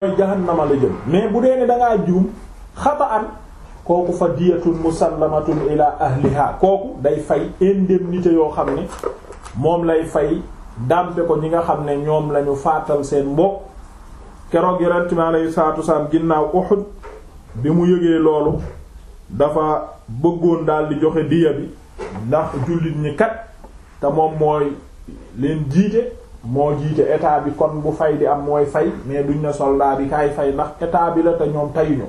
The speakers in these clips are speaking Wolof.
jahannama la jëm mais bu dee ne dangaa juum xataan kooku fa diyatun musallamatun ila ahliha kooku day fay indemnité yoo xam ne moom lay fay dampe ko ñi nga xam ne ñoom lañu faatal seen mbokk keroog yonent mi alayhi salaatu wasalaam ginnaaw Uhud bi mu yëgee loolu dafa bëggoon daal di joxe diya bi ndax jullit ñi kat te moom mooy leen jiite moo jiite état bi kon bu fay di am mooy fay mais duñ ne soldat bi fay ndax état bi la te ñoom tayuñu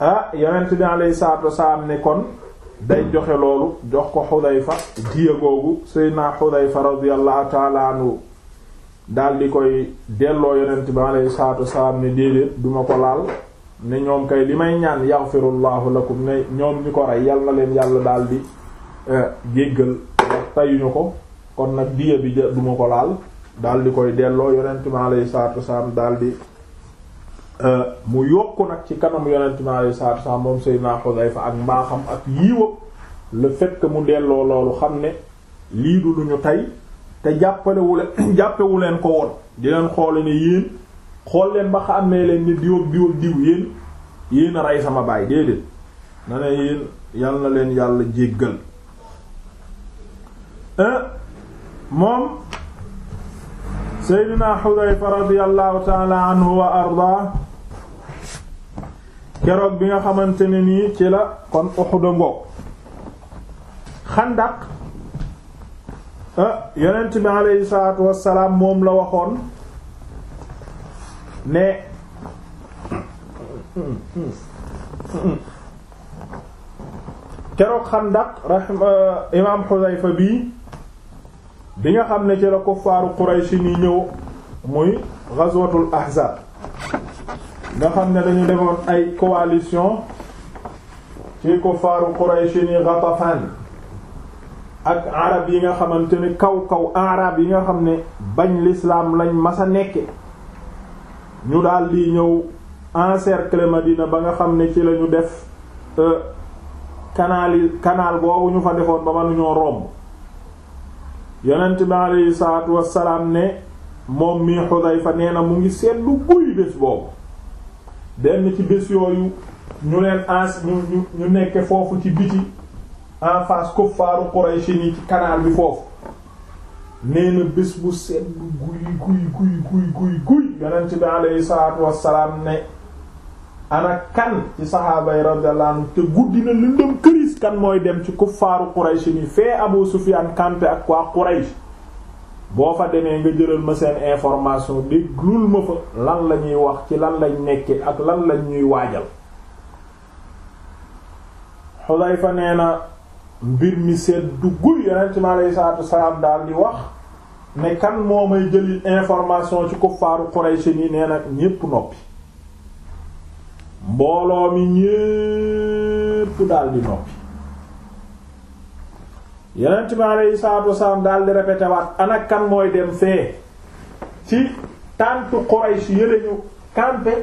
ah yonent bi alayhi salaatu wasalaam ne kon day joxe loolu jox ko Xudayfa diya googu Seydina Xudayfa radiyallahu taala anhu daal di koy delloo yonent bi alayhi salaatu wasalaam ne déedéet duma ko laal ne ñoom kay li may ñaan yaxfirullahu lakum ne ñoom ñi ko rey yal na leen yàlla daal di eh, jéggal tayuñu ko kon nag diya bi ja duma ko laal daal di koy delloo yonent mi lay saatu wasalaam daal di euh, mu yokk nag ci kanam yonent mi alayhi salaatu wasalaam moom ay fa ak mbaaxam ak yiiwam la fait mu delloo loolu xam ne lii du lu tey te jàppalewule jàppewuleen ko woon di leen xoole ne yéen xool leen ba xàmmee leen ni diwab diwab diw yéen yéen a rey sama baay déedéet na ne yéen yal na leen yàlla jéggal euh, moom Seydina Xudayfa radiyallahu taala anhu wa arda keroog bi nga xamante ne nii ci la kon Uhud ngoog xandaq ah, yonent bi aleyhi salaatu wassalaam moom la waxoon ne keroog xandaq raxim imaam Xudayfa bii bi nga xam ne ci la kuffaaru Quraysh ni ñëw muy ghazwatul ahzab nga xam ne dañu defoon ay coalition ci kuffaaru Quraysh ni Ghatafan ak arab yi nga xamante ni kaw kaw arab yi nga xam ne bañ lislaam lañ masa nekke ñu daal di ñëw encercler Madina ba nga xam ne ci lañu def euh, canal kanaal boobu ñu fa defoon ba mënuñoo romb yonent bi aleyhi salaatu wassalaam ne moom mii Xudayfa nee na mu ngi seetlu buy bés boobu benn ci bés yooyu ñu leen ans ñu ñu nekke foofu ci biti en face kuffaaru Quraysh ni ci kanaal bi foofu nee bés bu seetlu guy guy guy guy guy guy yonent bi aleyhi salaatu wassalaam ne ana kan ci saxaaba yi te guddi na lëndëm këris kan mooy dem ci kuffaaru Quraysh ni fee Abu Sufyaan campé ak waa Quraysh boo fa demee nga jëlal ma seen information déglul ma fa lan la ñuy wax ci lan lañ nekke ak lan lañ ñuy waajal Xudayfa nee na mbir mi seet dugguy yeneen ci mi aleyhi salaatu wasalaam daal di wax ne kan moo may jëli information ci kuffaaru Quraysh ni nee na ñépp noppi mbooloo mi ñépp daldi noppi yonent bi aleyhi salaatu wasalaam daldi répété waat ana kan mooy dem fee ci tàntu Quraysh yële ñu campé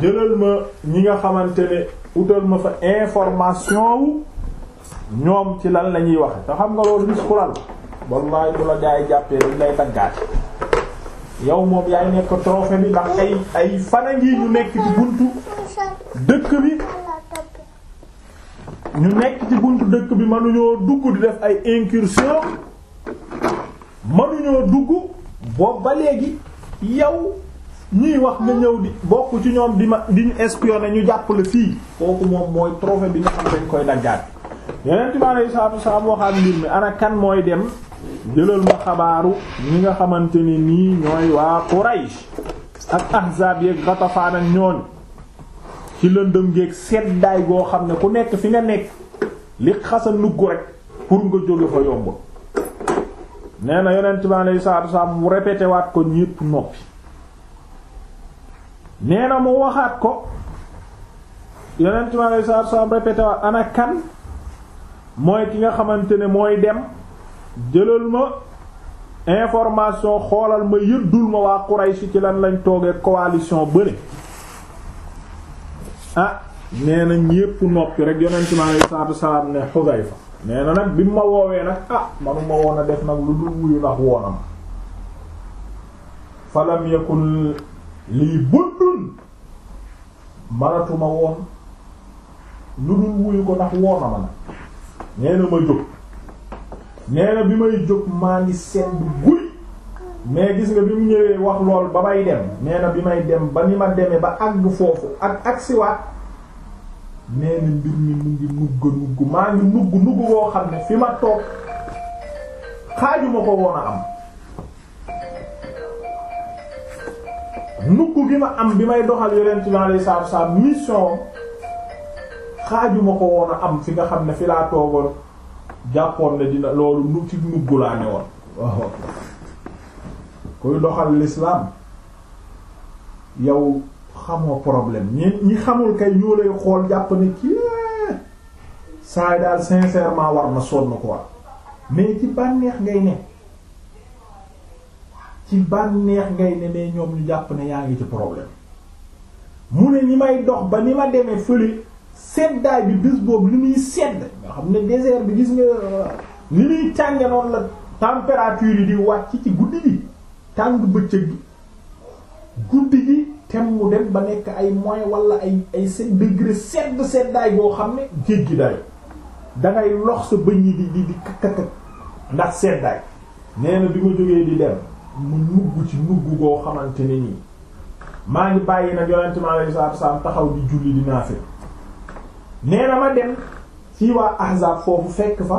jëlal ma ñi nga xamante ne utal ma fa information wu ñoom ci lan la ñuy waxe te xam nga loolu bis ku lal wallaay bu la gaay jàppee dañ lay taggaat yow moom yaay nekk trophée bi ndax ay ay fana ngi ñu nekk ci buntu dëkk bi ñu nekk ci buntu dëkk bi mënuñoo dugg di def ay incursion mënuñoo dugg boobu ba léegi yow ñuy wax nga ñëw di bokk ci ñoom di ma di ñu espionner ñu jàpp la fii kooku moom mooy trophée bi nga xam dañ koy daggaat yeneen bi aleyhi salaatu wasalaam waxaat mbir mi ana kan mooy dem jëlal ma xabaaru ñi nga xamante ni nii ñooy waa Quraysh ak ahzaab yeeg Ghatafaan ak ñooñ ci lëndëm geeg seddaay goo xam ne ku nekk fi nga nekk li xasa nugg rek pour nga jóge fa yomb nee na yonent bi aleyhi salaatu wasalaam mu ko ñépp noppi nee na mu waxaat ko yonent bi aleyhi salaatu wasalaam répété waat ana kan mooy ki nga xamante ne mooy dem jëlal ma information xoolal ma yëddul ma waa Quraysh ci lan lañ toogee coalition bële ah nee na ñépp noppi rek yonent mi alayhi salaatu wasalaam ne Xudayfa nee nag bi mu ma woowee nag ah manuma woon a def nag lu dul wuyu ndax woonam falam yakun lii buddul manatuma woon lu dul wuyu ko ndax woonama nag nee na ma jóg nee bi may jóg maa ngi sendu guy mais gis nga bi mu ñëwee wax lool ba may dem nee na bi may dem ba ni ma demee ba àgg foofu ak agsiwaat nee na mbir mi mu ngi nugg nugg maa ngi nugg nugg boo xam ne fi ma toog xaajuma ko woon a am nugg bi ma am bi may doxal yonent bi alayhi salaatu wa salaam mission xaajuma ko woon am fi nga xam ne fi laa toogoon jàppoon ne dina loolu nu ci nugg laa ne woon waaw kuy doxal l'islam yow xamoo problème ñi ñi xamul kay ñoo lay xool jàpp ne kii saay daal sincèrement war ma sonn quoi mais ci bànneex ngay ne ci bànneex ngay ne mais ñoom ñu jàpp ne yaa ngi ci problème mu ne ñi may dox ba ni ma demee fële seddaay bi bés boobu li muy sedd nga xam ne désert bi gis nga li muy tànge la température yi di wàcc ci guddi gi tàng bëccëg gi guddi gi tem mu dem ba nekk ay moins walla ay ay seen degré sedd seddaay boo xam ne jéggi day dangay lox sa bëñ yi di di di kakk ndax seddaay nee bi ma jógee di dem mu nugg ci nugg goo xamante ni nii maa ngi bàyyi na yonente mi alayhi salaatu wa taxaw di julli di naafil nee na ma dem ci waa ahzab foofu fekk fa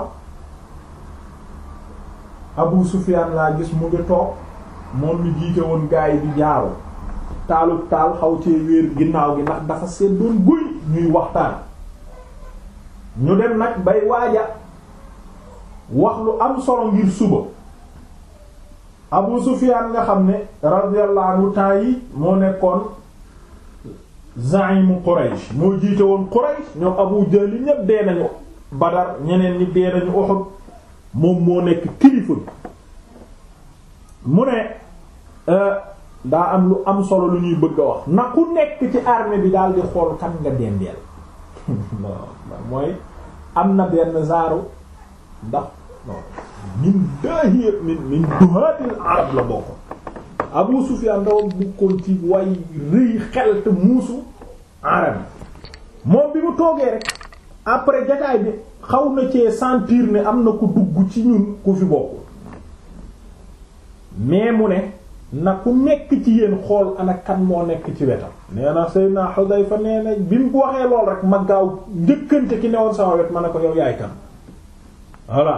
Abu Sufyan laa gis mu ngi toog moom mi jiite woon gaa yi di jaaro taalu taal xaw cee wéer ginnaaw gi ndax dafa seet doon guy ñuy waxtaan ñu dem nag bay waaja wax lu am solo ngir suba Abu Sufyan nga xam ne radiyallahu anhu yi moo nekkoon zaimu Quraysh moo jiite woon Quraysh ñoom Abu Jahl ñépp dee nañu Badar ñeneen ñi nañu Uhud moom moo nekk kilifa mu ne euh, daa am lu am solo lu ñuy bëgg a wax na ku nekk ci armée bi daal di xool kan nga dendeel mooy am na benn zaaru ndax non min daahiya min min duhaatil arab la bokk Abu Sufyan ndawam bukkoon ci way rëy xel te muusu arab moom bi mu toogee rek après jataay bi xaw na cee sentir ne am na ku dugg ci ñun ku fi bokk mais mu ne na ku nekk ci yéen xool ana kan moo nekk ci wetam nee na Seydina Xudayfa nee na bi mu waxee lool rek ma gaaw njëkkante ki newoon sama wet ma ne ko yow yaay kan voilà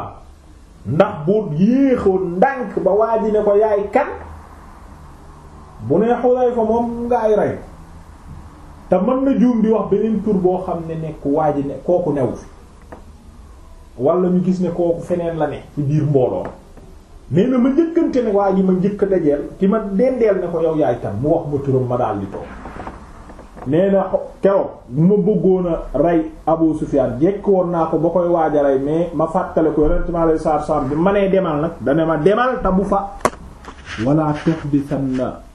ndax boo yéexoon ndànk ba waa ji ne ko yaay kan bu nee Xudayfa moom nga ay rey te man na juum di wax beneen tur boo xam ne nekk waa ji ne kooku new fi wala ñu gis ne kooku feneen la ne ci biir mbooloo mais na ma njëkkante ne waa ji ma njëkk dajeel ki ma dendeel ne ko yow yaay tam mu wax ma turam ma daal di toog nee na keroog bu ma bëggoon a rey Abu Sufyan jekk woon naa ko ba koy waaj rey mais ma fàttale ko yorentement lay saar sam bi ma nee demal nag dane ma demal te bu fa wala tuxdisanna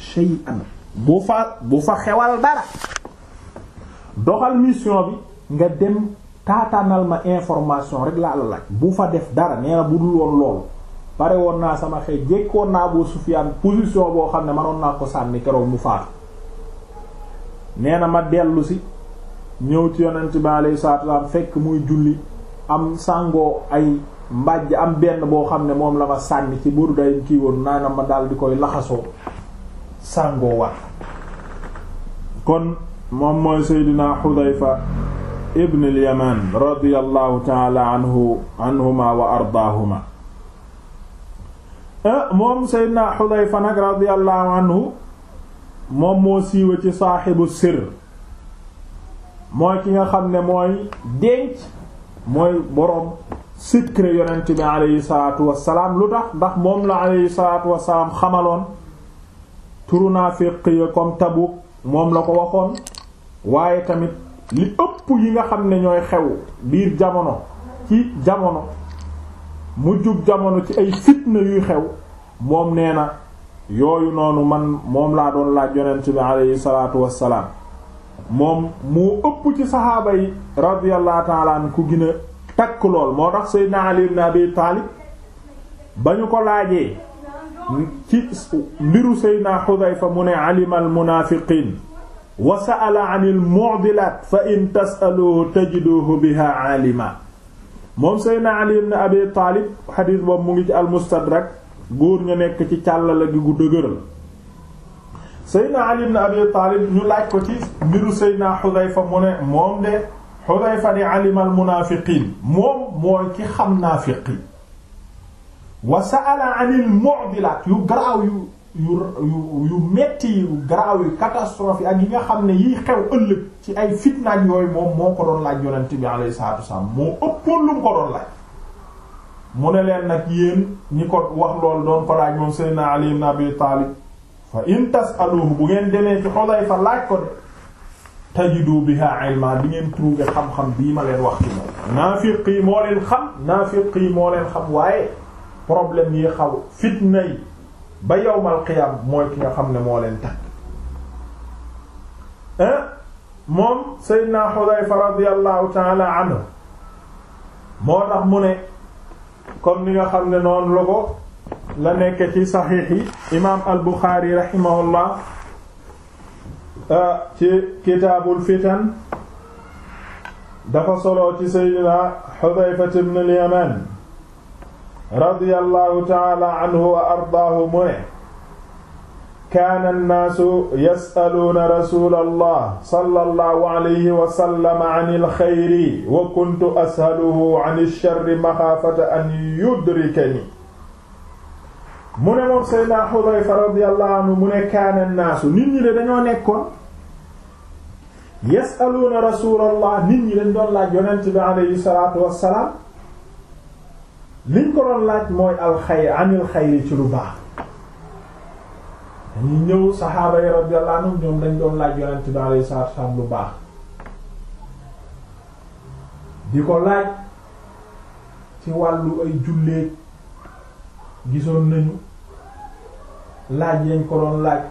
shay'an bu fa bu fa xewal dara doxal mission bi nga dem taataanal ma information rek laa la laaj bu fa def dara nee na bu dul woon loolu pare woon naa sama xëy jékkoon naa boo Sufyaan position boo xam ne manoon naa ko sànni keroog mu faatu nee na ma dellu si ñëw ci yonent bi alayhi salaatu wa fekk muy julli am sàngoo ay mbàjj am benn boo xam ne moom la ma sànni ci buur day kii woon naa ma daal di koy laxasoo sàngoo war kon moom mooy seydina xudayfa ibn al radiallahu taala anhu ardaahuma eh, moom seydina xudayfa nag radiallahu anhu moom moo siiwe ci saaxibu sir mooy ki nga xam ne mooy denc mooy boroom secret yonent bi aleyhi salaatu wassalaam lu tax ndax moom la aleyhi salaatu wassalaam xamaloon turu naafiq ya comme Tabuk moom la ko waxoon waaye tamit li ëpp yi nga xam ne ñooy xew biir jamono ci jamono mu mujjug jamono ci ay fitna yuy xew moom nee na yooyu noonu man moom laa doon laaj yonent bi aleyhi salaatu wassalaam moom mu ëpp ci saxaaba yi radiyallahu taala ku gën a takk lool moo tax Seydina Ali ibn Abi Taalib ba ñu ko laajee ci mbiru Seydina Xudayfa mu ne alima almunaafiqiin wa sa'ala anil moom Seydina Ali mu ngi ci almustadrak góor ña nekk ci càllala gi gu ñu laaj ko ci mbiru Seydina Xudayfa mu ne moom de Xudayfa di mooy ki xam naafiqi wa sa'ala anil mu'dilat yu garaaw yu yu yu metti yu garaaw yu catastrophe ak yi nga xam ne yiy xew ëllëg ci ay fitnaaj yooyu moom moo ko doon laaj yonent bi alayhi salaatu wasalaam moo ëppoon lu mu ko doon laaj mu ne leen nag yéen ni ko wax loolu doon ko laaj moom Seydina Ali ibn Abi Taalib fa in tas'aluhu bu ngeen demee ci Xudayfa laaj ko de tajidu biha ilma di ngeen trouver xam-xam bii ma leen wax ci moom naafiq moo leen xam naafiq moo leen xam problème yi xaw fitna yi ba yowmal qiyam mooy ki nga xam ne moo leen tànk moom Seydina Xudayfa radiyallahu taala anhu moo tax mu ne comme ni nga xam ne noonu la ko la nekk ci saxiix yi imaam al Buxaari rahimahullah euh, ci kitaabul fitan dafa solo ci Seydina Xudayfa ibn al Yaman radiyallahu taala anhu wa ardaahu mu ne kaana nnaasu yasaluuna rasula allah sallallahu alayhi wa sallam an alxayri wa kuntu ashaluhu an alsharri maxaafata an yudrikani mu ne moom seydna xudayfa radiyallahu anhu mu ne kaana nnaasu nit ñi de dañoo nekkoon yasaluuna rasula allah nit ñi dañ doon laaj yonent bi alayhi salaatu wassalaam liñ ko doon laaj mooy alxayr anil xayri ci lu baax dañuy ñëw saxaaba yi radiyallahu anhum ñoom dañ doon laaj yonent bi alayhi salaatu wasallam lu baax di ko laaj ci wàllu ay julleek gisoon nañu laaj yañ ko doon laaj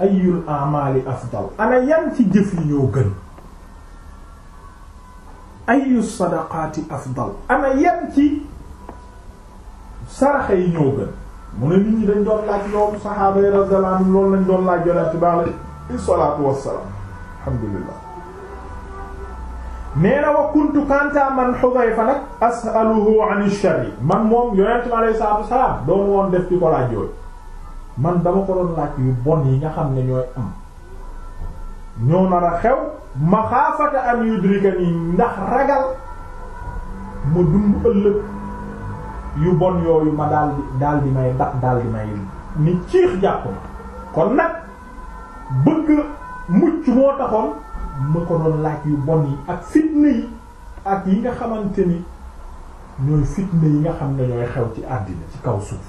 ayul amaali afdal ana yan ci jëf yi ñoo gën ayu sadaqaati afdal ana yan ci saraxe yi ñoo gën mu ne nit ñi dañ doon laaj loolu saxaaba yi radiyallahu anhum loolu lañ doon laaj yonent bi alayhi salaatu wassalaam alhamdulillah nee na wa kuntu kanta man Hudayfa nag as'aluhu an sharri man moom yonent bi alayhi salaatu wassalaam doon woon def ci ko laaj yooyu man dama ko doon laaj yu bon yi nga xam ne ñooy am ñoo nar a xew maxaafata an yudrikani ndax ragal ma dund ëllëg yu bon yooyu ma daal di daal may ndax daal di may ni ciix jàpp ma kon nag bëgg mucc moo taxoon ma ko doon laaj yu bon yi ak fitna yi ak yi nga xamante ni ñooy fitna yi nga xam ne ñooy xew ci àddina ci kaw suuf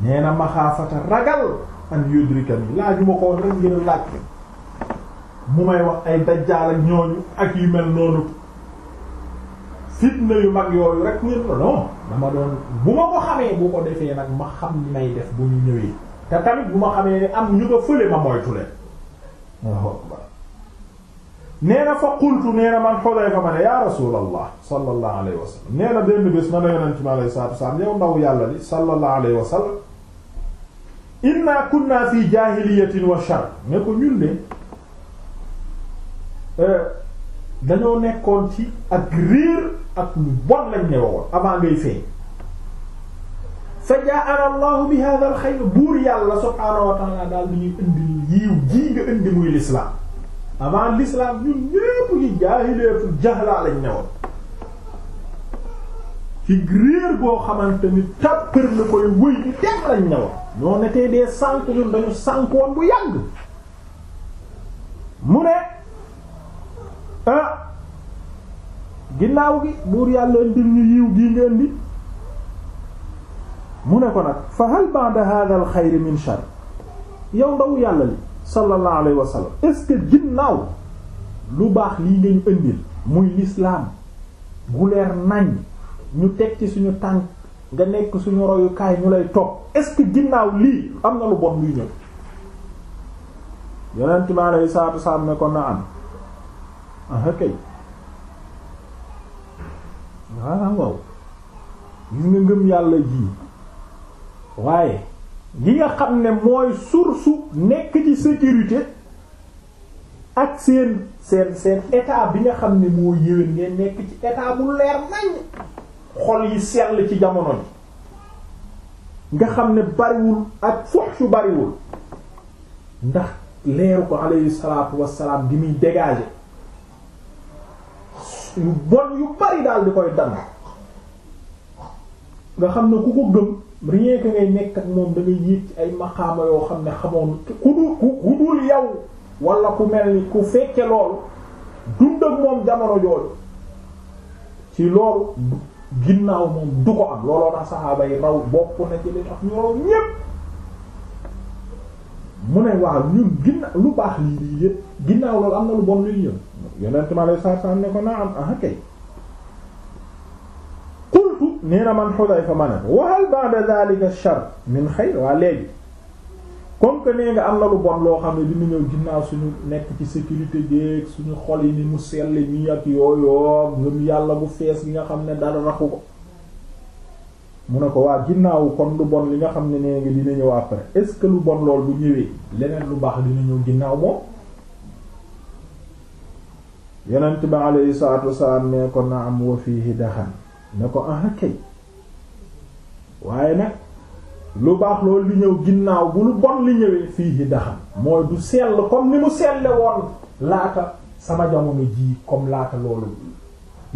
nee na maxaafata ragal an yudrikani laaju ma ko woon rek ngir laaj mu may wax ay dajjaal ak ñooñu ak yu mel noonu fitna yu mag yooyu rek ngir non dama bu ma ko xamee bu ko defee nag ma xam ni def bu ñu ñëwee te tamit bu ma xamee am ñu ko fële ma moytu leen waaw nee fa qultu nee man Xudayfa ma ne ya rasulallah sallallahu alayhi wa sallam nee na benn bés ma ne yonent mi alayhi ndaw yàlla li sallallahu alayhi wa inna kunna fi jaahiliyatin wa shar ne ko ñun de euh, dañoo nekkoon ci ak réer ak lu bon lañ ne woon avant ngay feeñ fa jaa'ana allahu bi hadha al buur yàlla subhaanahu wa ta'ala daal di ñuy indi yiiw jii nga indi muy l'islam avant l'islam ñun ñépp yi jahlaa lañ ne woon ci réer boo xamante ni tàppër na koy wëy di dem lañ ne woon ñoo nekkee dee sànk ñun dañu sànk bu yàgg mu ne ah, ginnaaw gi buur yàlla indil ñu yiw gii nga indi mu ne ko nag fa hal ba'da hadha al xayr min shar yow ndaw yàlla li sallallahu alayhi wa sallam ginnaaw lu baax lii nga ñu indil muy lislaam gu leer nañ ñu teg ci suñu tànk nga nekk suñu royukaay ñu lay topp est-ce que ginnaaw lii am na lu bon luy ñëw yonent mi alayhi salaatu salaam ne ko na am ah kay waaw waaw gis nga ngëm yàlla ji waaye li nga xam ne mooy source nekk ci sécurité ak seen seen seen état bi nga xam ne moo yéwén ngeen nekk ci état bu leer nañ xol yi sell ci jamono ji nga xam ne bariwul ak fuhshu bariwul ndax leeru ko alayhi salaatu wassalaam gi muy dégager yu bon yu bari daal di koy dana nga xam ne ku ko gëm rien ngay nekk ak moom da ngay ci ay maqaama yoo xam ne xamoon ku dul ku dul yow wala ku mel ni ku fekke loolu dund ak moom jamono jooju ci loolu ginnaaw moom du ko am looloo tax raw bokk na ci li tax ñu raw ñépp mu ne waaw lu baax lii lii yépp ginnaaw loolu am na lu bon luy ñëw yonent ma lay saa saa ko naa am ah qultu nee man Xudayfa ma ne ko wa hal ba'da dhalika shar min xayr waa comme que nee nga am na lu bon loo xam ne dina ñëw ginnaaw suñu nekk ci sécurité jéeg suñu xol yi ni mu sell nii ak yooyoo ngëm yàlla bu fees gi nga xam ne dara raxu ko mu ne ko waa ginnaaw kon lu bon li nga xam ne nee li dina ñëw après est-ce que lu bon lool bu ñëwee leneen lu baax dina ñëw ginnaaw moom yonent bi alayhi salaatu wasalaam ne ko naam wa fiihi daxan ne ko ah kay waaye nag lu baax loolu lu ñëw ginnaaw bu lu bon li ñëwee fii ci daxam mooy du sell comme ni mu selle woon laata sama jamono ji comme laata loolu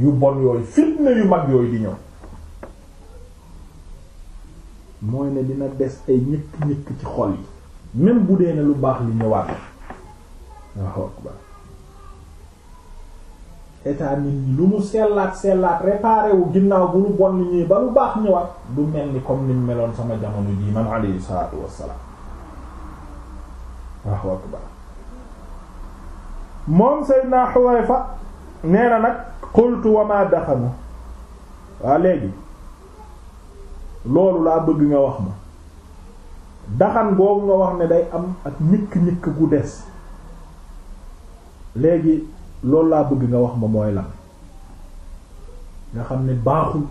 yu bon yooyu fitna yu mag yooyu di ñëw mooy ne dina des ay ñëkk ñëkk ci xol yi même bu dee ne lu baax li ñëwaat waaw état nit ñi lu mu sellaat sellaat réparé ginnaaw bu lu bon ñi ba lu baax ñëwaat du mel ni comme ni meloon sama jamono ji man alayhi salaatu wassalaam waaw akbar moom Seydina Huwayfa nee na nag qultu wa ma daxanu waa léegi loolu laa bëgg nga wax ma daxan boobu nga wax ne day am ak ñikk-ñikk gu des léegi loolu laa bëgg nga wax ma mooy lan nga xam ne baaxul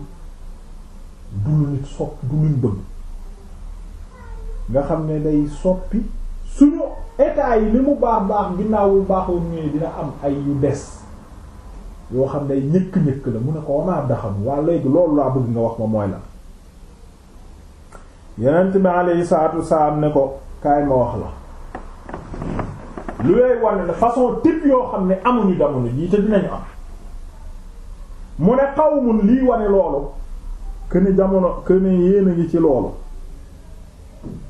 du lu nit sopp du luñ bëgg nga xam ne day soppi suñu état yi li mu baax baax ginnaaw bu baaxul ñu dina am ay yu des yoo xam ne ñëkk-ñëkk la mu ne ko wanaa daxam waa léegi loolu laa bëgg nga wax ma mooy lan yenent bi alayhi salaatu wasalaam ne ko kaay ma wax la lu yooyu wane la façon type yoo xam ne amuñu jamono jii te dinañu am mu ne qawmun lii wane loolu këne jamono këne yéen a ngi ci loolu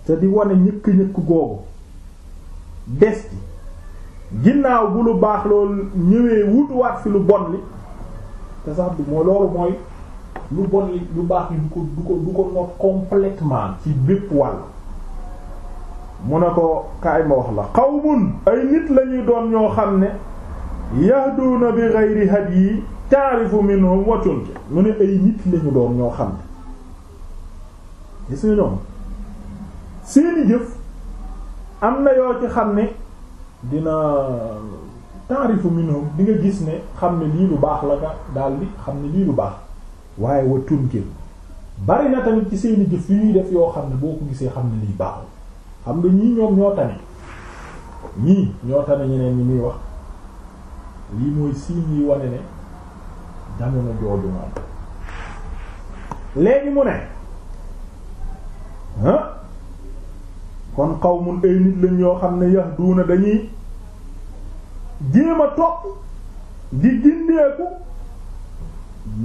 te di wane ñëkk ñëkk googu des ci ginnaaw bu lu baax loolu ñëwee wutuwaat fi lu bon li te sax bi mooy loolu mooy lu bon li lu baax li du ko du ko du ko noot complètement ci bépp wàll mu ne ko kaay ma wax la qawmun ay nit lañuy doon ñoo xam ne yahduuna bi ghayri hadyi taarifu minhum wa tunki mu ne ay nit lañu doon ñoo xam ne gis nga ñoom seeni jëf am na yoo ci xam ne dina taarifu minhum di nga gis ne xam ne lii lu baax la nga daldi xam ne lii lu baax waaye wa tunki bari na tamit ci seeni jëf yu ñuy def yoo xam ne boo ko gisee xam ne lii baax xam nga ñii ñoom ñoo tane ñii ñoo tane ñeneen ñi muy wax lii mooy signe yi wane ne jamono jooju moom mu ne ah kon qawmun ay nit lañ yoo xam ne yahduuna dañuy jéem a topp di gindeeku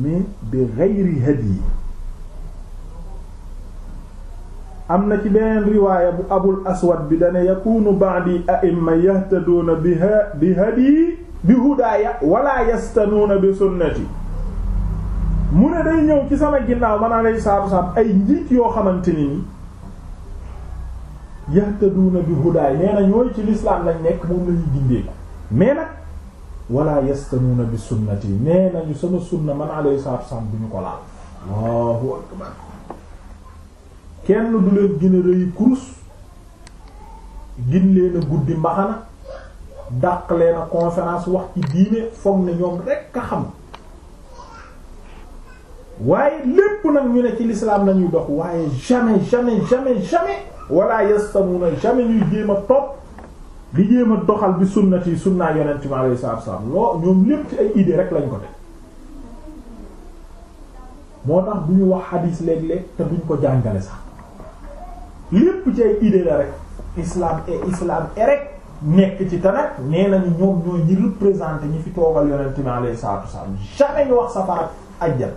mais bi ghayri hadi am na ci beneen riwaaya bu abul aswad bi dane yakunu ba'di a'imma yahtaduuna biha bi hadi bi hudaaya wala yastanuuna bi sunnati mu ne day ñëw ci sama ginnaaw man alayhi salaatu wasalaam ay njiit yoo xamante ni ni yahtaduuna bi hudaaya nee na ñooy ci lislaam lañ nekk moom lañuy gindee mais nag wala yastanuuna bi sunnati nee nañu sama sunna man alayhi salaatu bu ñu ko laal allahu akbar kenn du leen gën a rëy kurus gin leen a guddi mbaxana dàq leen a wax ci diine foog na ñoom rekk a xam waaye lépp nag ñu ne ci l'islam lañuy dox waaye jamais jamais jamais jamais wala yastamuna jamais ñuy jéem a topp di doxal bi sunnat yi sunnaa yonent mi alayhi salaatu salaam loo ñoom lépp ci ay idée rek lañ ko def moo tax bu ñu wax hadis léeg-léeg te duñ ko jàngale sax lépp ci ay idée la rek islaam et islam et rek nekk ci tanak nee nañu ñoom ñooy ñi représenté ñi fi toogal yonent bi alayhi salaatu wasallam jamais ñu wax safara ajjal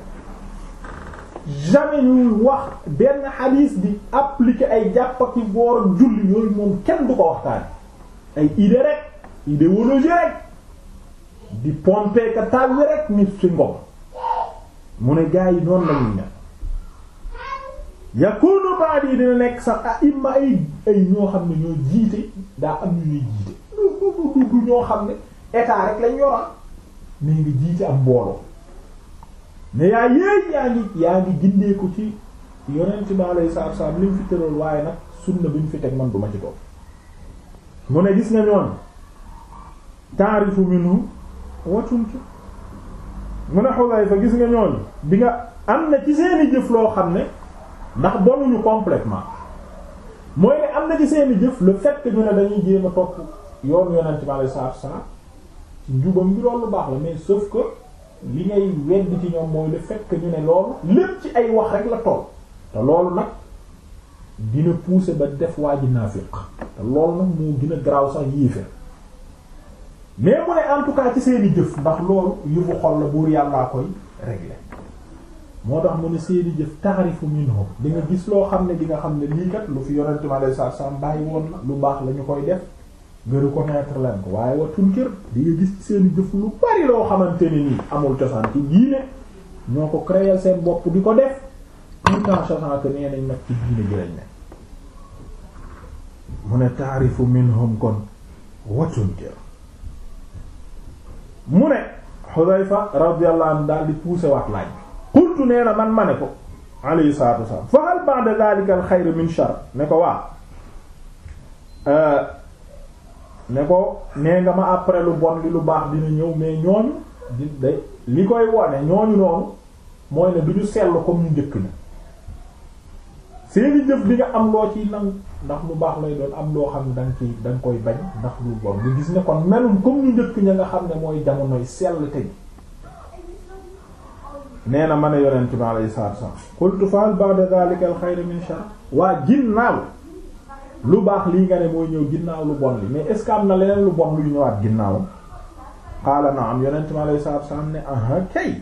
jamais ñuy wax benn hadith di appliquer ay jàpp ak boor julli yooyu moom kenn du ko waxtaan ay idée rek idéologie rek di pomper ka taal rek nit ci ngom mu ne gaa yi noonu lañuy ñaan yakunu ba'di dina nekk sax a'imma ay ay ñoo xam ne ñoo jiite daa am ñu ñuy jiite ñoo xam ne état rek lañ yoram ne ngi jiite am mbooloo mais yaa yéeg yaa ngi yaa ngi gindee ko ci yonent bi alayhi salaatu wa salaam li waaye nag sunna bi ñu fi teg man duma ci toog mu ne gis nga ñoon taarifu minhu watuntu mu ne Hudayfa gis nga ñoon bi nga am na ci seeni jëf loo xam ne ndax bonuñu complètement mooy ne am na ci seeni jëf le fait que ñu ne dañuy jéem a topp yoon yonent bi alei salatu wasalaam ci njubam bi loolu baax la mais sauf que li ngay wedd ci ñoom mooy le fait ñu ne loolu lépp ci ay wax rek la toll te loolu nag dina pousser ba def waa ji naafiq te loolu nag moo gën a garaaw sax yéeféer mais mu ne en tout cas ci seeni jëf ndax loolu yëfu xol la buur yàllaa koy régler moo tax mu ne seeni jëf taarifu minhum di nga gis loo xam ne di xam ne lii kat lu fi yonente mi alei satu salaam bàyyi woon na lu baax la ñu koy def nga reconnaître leen ko waaye wa kër di nga gis seeni jëf lu bari loo xamante ni nii amul cosaan ci diine ñoo ko créer seen bopp di ko def pourtant cosaan que nee nañ ci diine ji lañ ne mu ne taarifu minhum kon wa tunkir mu ne Xudayfa radiyallahu daal di pousser waat laaj qultu nee na man ma ne ko alayhi salaatu wasalaam fa hal ba'da dhalika al xayr min shar ne ko waa euh, ne ko nee nga ma après lu bon li lu baax dina ñëw mais ñooñu di day li koy wone ñooñu noonu mooy ne du ñu seetlu comme ñu njëkk na seeni jëf di nga am loo ciy nangu ndax lu baax lay doon am loo xam ne danga ciy danga koy bañ ndax mu bon nga gis ne ko melum comme ñu njëkk ña nga xam ne mooy jamonoy sell te nee na ma ne yonent bi alayhi salaatu wa salaam qultu fa hal ba'da min shar waa ginnaaw lu baax lii nga ne mooy ñëw ginnaaw lu bon li mais est ce am na leneen lu bon luy ñëwaat ginnaaw qaala am yonent bi alayhi salaatu wa ne aha kay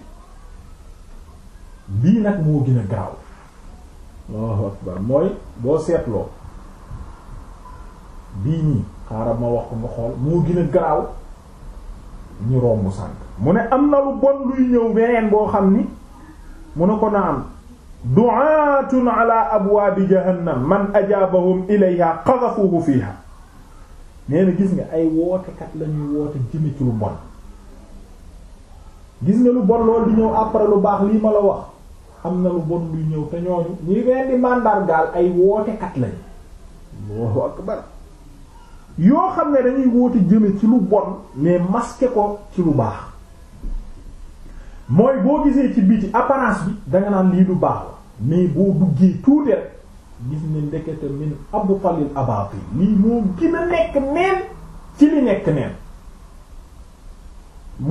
bii nag moo gën a gaaw mooy boo seetloo bii nii xaaral ma wax ko nga xool moo gën a gaaw ñu romb sànk mu ne am na lu bon luy ñëw beneen boo xam ni mu ne ko naan du'atun na abwaabi jahannam man ajaabahum ilayha qadhafuhu fiha nee na gis nga ay wootekat la ñuy woote jëme ci lu bon gis nga lu bon loolu di ñëw après lu baax lii ma la wax am na lu bon luy ñëw te ñooñu ñi leen di màndargaal ay wootekat lañu Allahu akbar yoo xam ne dañuy woote jëme ci lu bon mais masqué ko ci lu baax mooy boo gisee ci biti apparence bi danga naan lii lu baax la mais boo duggee tuuti rek gis ne ndekete min abu palil abatil lii moo gën a nekk neen ci li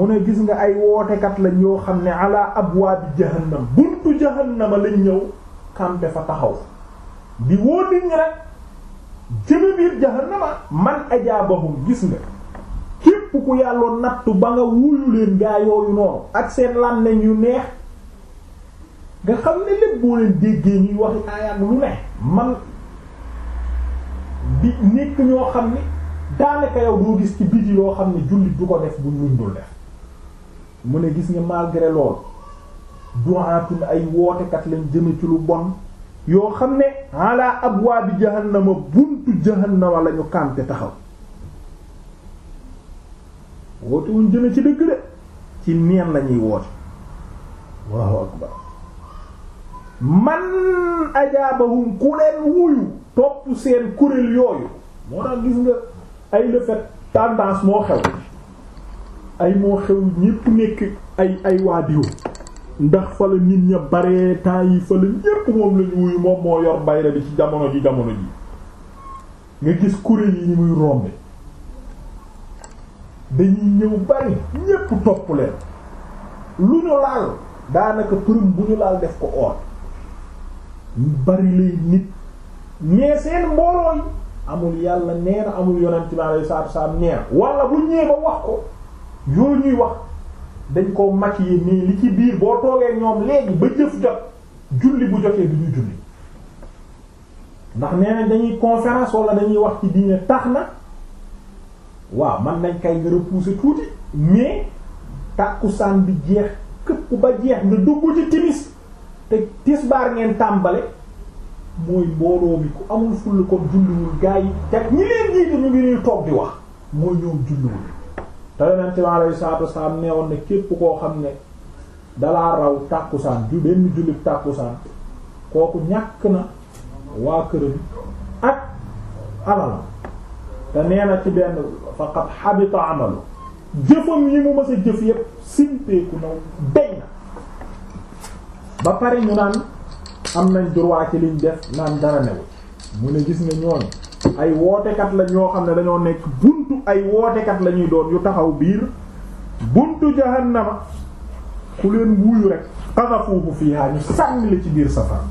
ne gis nga ay wootekat lañ yoo xam ne ala abwaabi jahannam buntu jahannama lañ ñëw kampe fa taxaw di woo nit ñi rek jëme biir jahannama man ajaabahum gis nga képp ku yàlla nattu ba nga wuyu leen gaa yooyu noonu ak seen làmmiñ yu neex nga xam ne lépp boo leen déggee ñuy waxi aayaat lu ne man di nekk ñoo xam ne daanaka yow doo gis ci biti yoo xam ne jullit du ko def bu ñu dul def mu ne gis nga malgré lool du'aatun ay wootekat lañ jëme ci lu bon yoo xam ne ala abwaabi jahannama buntu jahannama lañu kàmte taxaw woote wuñ jëme ci dëgg de ci neen lañuy woote waaw akbar man ajaabahum ku leen wuyu topp seen kuréel yooyu moo tax gis nga ay le fait moo xew ay moo xew ñépp nekk ay ay waa diw ndax fa la nit ña baree yi fa la ñépp moom lañu wuyu moom moo yor bayra ci jamono ji jamono ji nga gis kuréel yi ni muy rombe dañuy ñëw bari ñépp topp leen lu ñu laal daanaka turum bu ñu laal def ko or bari lay nit mais seen mbooloo amul yàlla nee na amul yonent bi alayhi salaatu wa salaam bu ñëwee ba wax ko yoo ñuy wax dañ koo maquillé nii li ci biir boo toogee ñoom léegi ba jëf jot julli bu jotee bi ñu julli ndax nee nañ dañuy conférence wala dañuy wax ci diine tax na waaw man nañ kay nga repousser tuuti mais tàkkusaan bi jeex këpp ba jeex nga dugg ci timis te tisbaar ngeen tàmbale mooy mbooloo mi ku amul fulla kon julliwul gaa yi te ñi leen jiite ñu ngi ñuy toog di wax mooy ñoom julliwul te yonent bi alayhi salaatu wasalaam neewoon ne képp koo xam ne dalaa raw tàkkusaan ju benn jullit tàkkusaan kooku ñàkk na waa këram ak alalam te nee na ci benn faqad habita amalu jëfam yi mu mësa jëf yépp simpeeku naw dey na ba pare ñu naan am nañ droit ci liñ def naan dara new mu ne gis nga ñooñu ay wootekat la yoo xam ne dañoo nekk buntu ay wootekat la ñuy doon yu taxaw biir buntu jahannama ku leen wuyu rek qadafuhu fiha ñu sànni la ci biir safara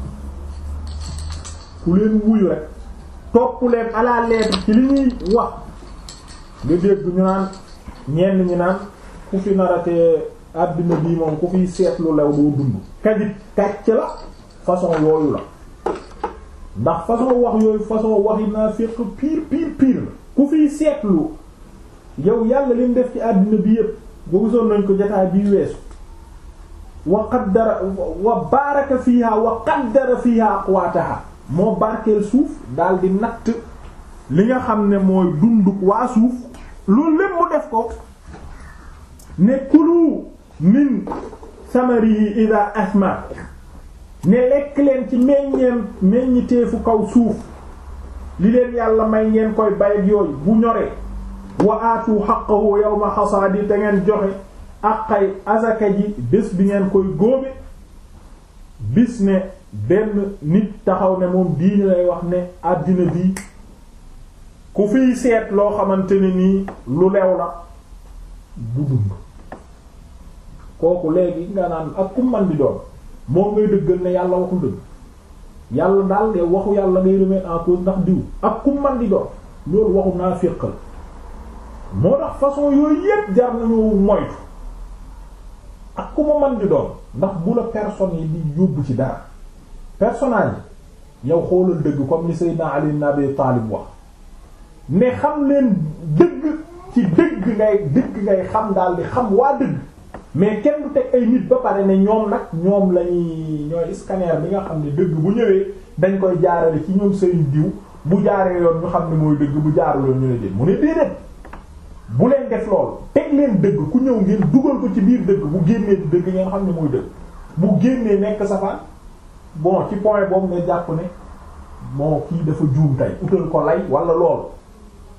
ku leen wuyu rek topp leen à la ci li ñuy wax nga dégg ñu naan ñenn ñi naan ku fi naratee àddina bii moom ku fiy seetlu la doo dund. kadib kàcc la façon yooyu la. ndax façon wax yooyu façon waxi naafiq pire pire pire ku fiy seetlu yow yàlla lim def ci àddina bi yépp boo gisoon nañ ko jotaay bii weesu wa qaddara wa baaraka fiha wa qaddara fiha aqwaataha moo barkeel suuf daal di natt li nga xam ne mooy dunduk waa suuf loolu lépp mu def ko ne kulu min samarihi ida asma ne lekk leen ci meññeen meññiteefu kaw suuf li leen yàlla may ngeen koy bayit yooyu bu ñoree wa aatu haqqahu yawma hasaadi da ngeen joxe aqay azaka ji bés bi ngeen koy góobe bis ne benn nit taxaw ne moom diini lay wax ne àddina bi ku fiy seet loo xamante ne nii lu lew la bu dund kooku léegi nga naan ak ku man di doon moom ngay dëggal ne yàlla waxul dëgg yàlla daal de waxu yàlla ngay remettre en ndax diw ak ku man di doon loolu waxu naa féqal moo tax façon yooyu yépp jar nañu moytu ak ku ma man di doon ndax bu la personne yi di yóbbu ci dara personnage yow xoolal dëgg comme ni Seydina Ali ibn Abi Talib wax ne xam leen dëgg ci dëgg ngay dëgg ngay xam daal di xam waa dëgg mais kenn du teg ay nit ba pare ne ñoom nag ñoom lañuy ñooy scanner bi nga xam ne dëgg bu ñëwee dañ koy jaarale ci ñoom seen diw bu jaaree yoon ñu xam ne mooy dëgg bu jaarul ñu ne déet mu ne déedéet bu leen def lool teg leen dëgg ku ñëw ngeen dugal ko ci biir dëgg bu génnee di dëgg nga xam ne mooy dëgg bu génnee nekk safaan bon ci point boobu nga jàpp ne moo kii dafa juum tey utal ko lay wala lool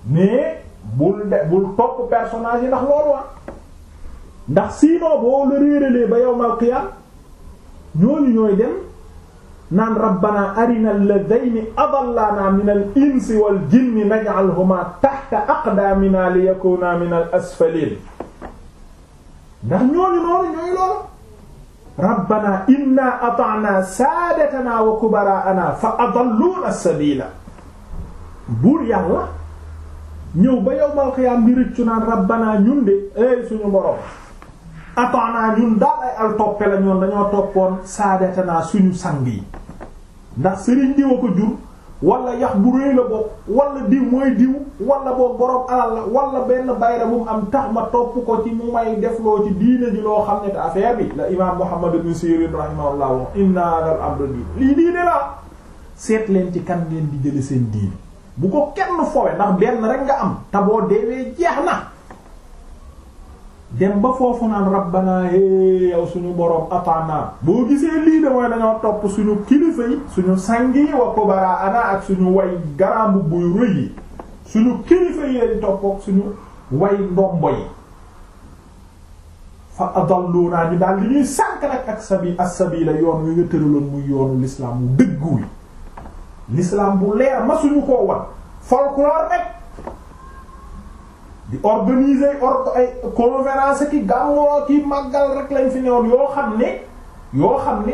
mais bul de bul topp personnage yi ndax loolu wa ah. ndax sinon boo la réeralee ba yawmal qiyaam ñooñu ñooy dem naan rabbana arina alladhayni adallana min al insi wal jinni naj'alhuma tahta aqdamina liyakuna min al asfalin ndax ñooñu noonu ñooy loolu rabbana inna ata'na saadatana wa kubara'ana fa adalluna sabila buur yàlla ñëw ba yawmal qiyaam di rëccu naan rabbana ñun de ay eh, suñu borom ataanaa ñun daal ay al toppe la ñoon dañoo toppoon saadatana suñu sang yi ndax sëriñ diw ko jur wala yax bu réy la bopp wala diw mooy diw wala boo borom alal la wala benn bayra bu mu am tax ma topp ko ci mu may defloo ci diine ji loo xam ne te affaire bi la imaam Muhammad ibn Sirin rahimahullah wa inna al amr diin lii diine la seet leen ci kan ngeen di jële seen diine bu ko kenn fowe ndax benn rek nga am te boo deewee jeex na dem ba foofu naan rabbana hee eh, yow suñu borom ataana boo gisee lii de mooy dañoo topp suñu kilifa yi suñu sang yi wa kubaraa ana ak suñu way garaamu buy rëy yi suñu kilifa yi lañ suñu way ndombo yi fa adalluna ñu daal li ñuy sànk nag ak sabi as-sabila yoon wi nga tëraloon muy yoonu l'islam mu dëggu wi l'islam bu leer ma suñu koo wan folklore rek di organiser or ay conférence ki gàmmoo ki màggal rek lañ fi newoon yoo xam ne yoo xam ne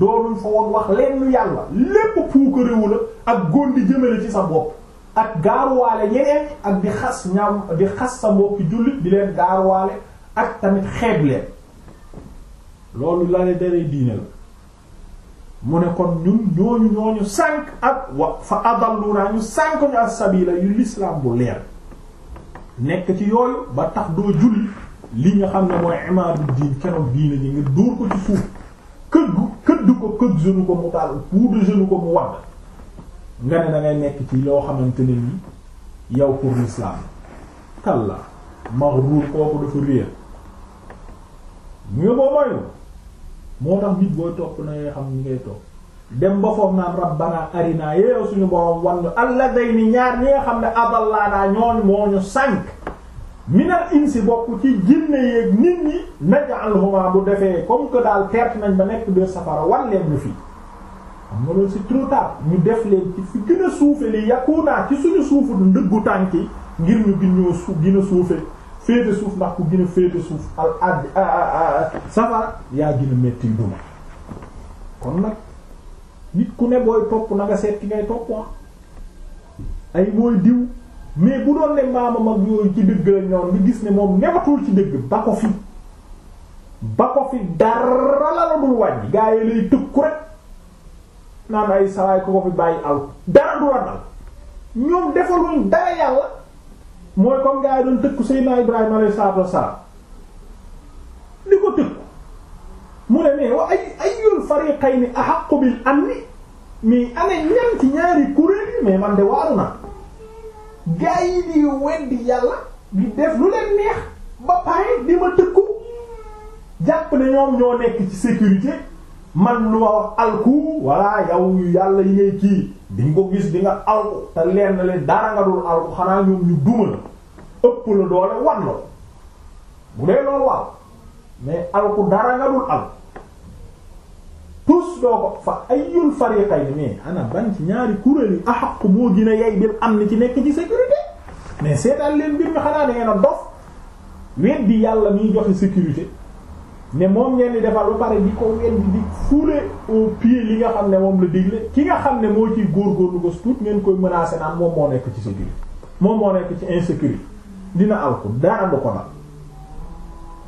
doonuñ fa woon wax lenn yàlla lépp puuka ak góor di jëmale ci sa bopp ak gaaruwaale ñeneen ak di xas ñaam di xas sa mbokki jullit di leen gaaruwaale ak tamit xeeb leen loolu la dere diine la mu ne kon ñun ñooñu ñooñu sànq ak wa fa adallu naa ñu sànq ñu as yu l'islam bu leer nekk ci yooyu ba tax doo julli li nga xam ne mooy imaadu diin keroog diine ji nga dóor ko ci suuf këggu këdd ko këgg jeune ko mu taal pou de jeune ko mu wadd nga ne da nekk ci loo xamante ne ni yow pour l'islam kalla maghrur kooku dafa réer mu nga boo moo tax nit booy topp na ngay xam ñi ngay topp dem ba foog naan rabbana arina yeew suñu borom wann alladayni ñaar ñi nga xam ne adallaanaa ñoon moo ñu sànk minal insi bokk ci jinne yeeg nit ñi naj'alhuma bu defee comme que daal perte nañ ba nekk biir safara wan leen ñu fii xam nga loolu c'est trop ñu def leen ci fi gën a suufe li yakuunaa ci suñu suufu ndëggu tànk yi ngir ñu gin ñoo suuf gën a suufe féete suuf ndax ku gën a féete suuf al add safara yaa gën a métti duma kon nag nit ku ne booy topp na nga seet ki ngay topp ah. ay booy diw mais bu doon ne maamam ak yooyu ci dëgg la ñoom bi gis ne moom newatul ci dëgg ba ko fi ba ko fi dara la la dul wàññi gaa yi lay tëkku rek naan ay sawaay ko ko fi bàyyi aw dara du la dal ñoom defaluñ dara yàlla mooy comme gaa yi doon tëkku Seydina Ibrahima alayhi salaatu wassalaam li ko tëkku mu ne mais fariqayni ahaqqu bil amni mais amee ñan ci ñaari kuréel mais man de waaru na gaa yi di weddi yàlla di def lu leen neex ba di ma tëkku jàpp ne ñoom ñoo nekk ci sécurité man lu ma wax alku walla yow yàlla yi ngay kii di nga ko gis di nga alku te leen leen dara nga dul alku xanaa ñoom ñu duma la ëpp la doole wan la loolu mais alku dara nga dul alku tus doo ko fa ayul fariqayn mais ana ban ci ñaari kuréel yi ahaq moo gën a yey bil am ni ci nekk ci sécurité mais seetaan leen mbir mi xanaa da ngeen a dof weddi yàlla miy joxe sécurité ne moom ngeen di defal lu pare di ko weddi di fouler au pied li nga xam ne moom la digle ki nga xam ne moo ci ciy góorgóorlu ko tuut ngeen koy menacer naan moom moo nekk ci sécurité moom moo nekk ci insécurité dina alku dara du ko dal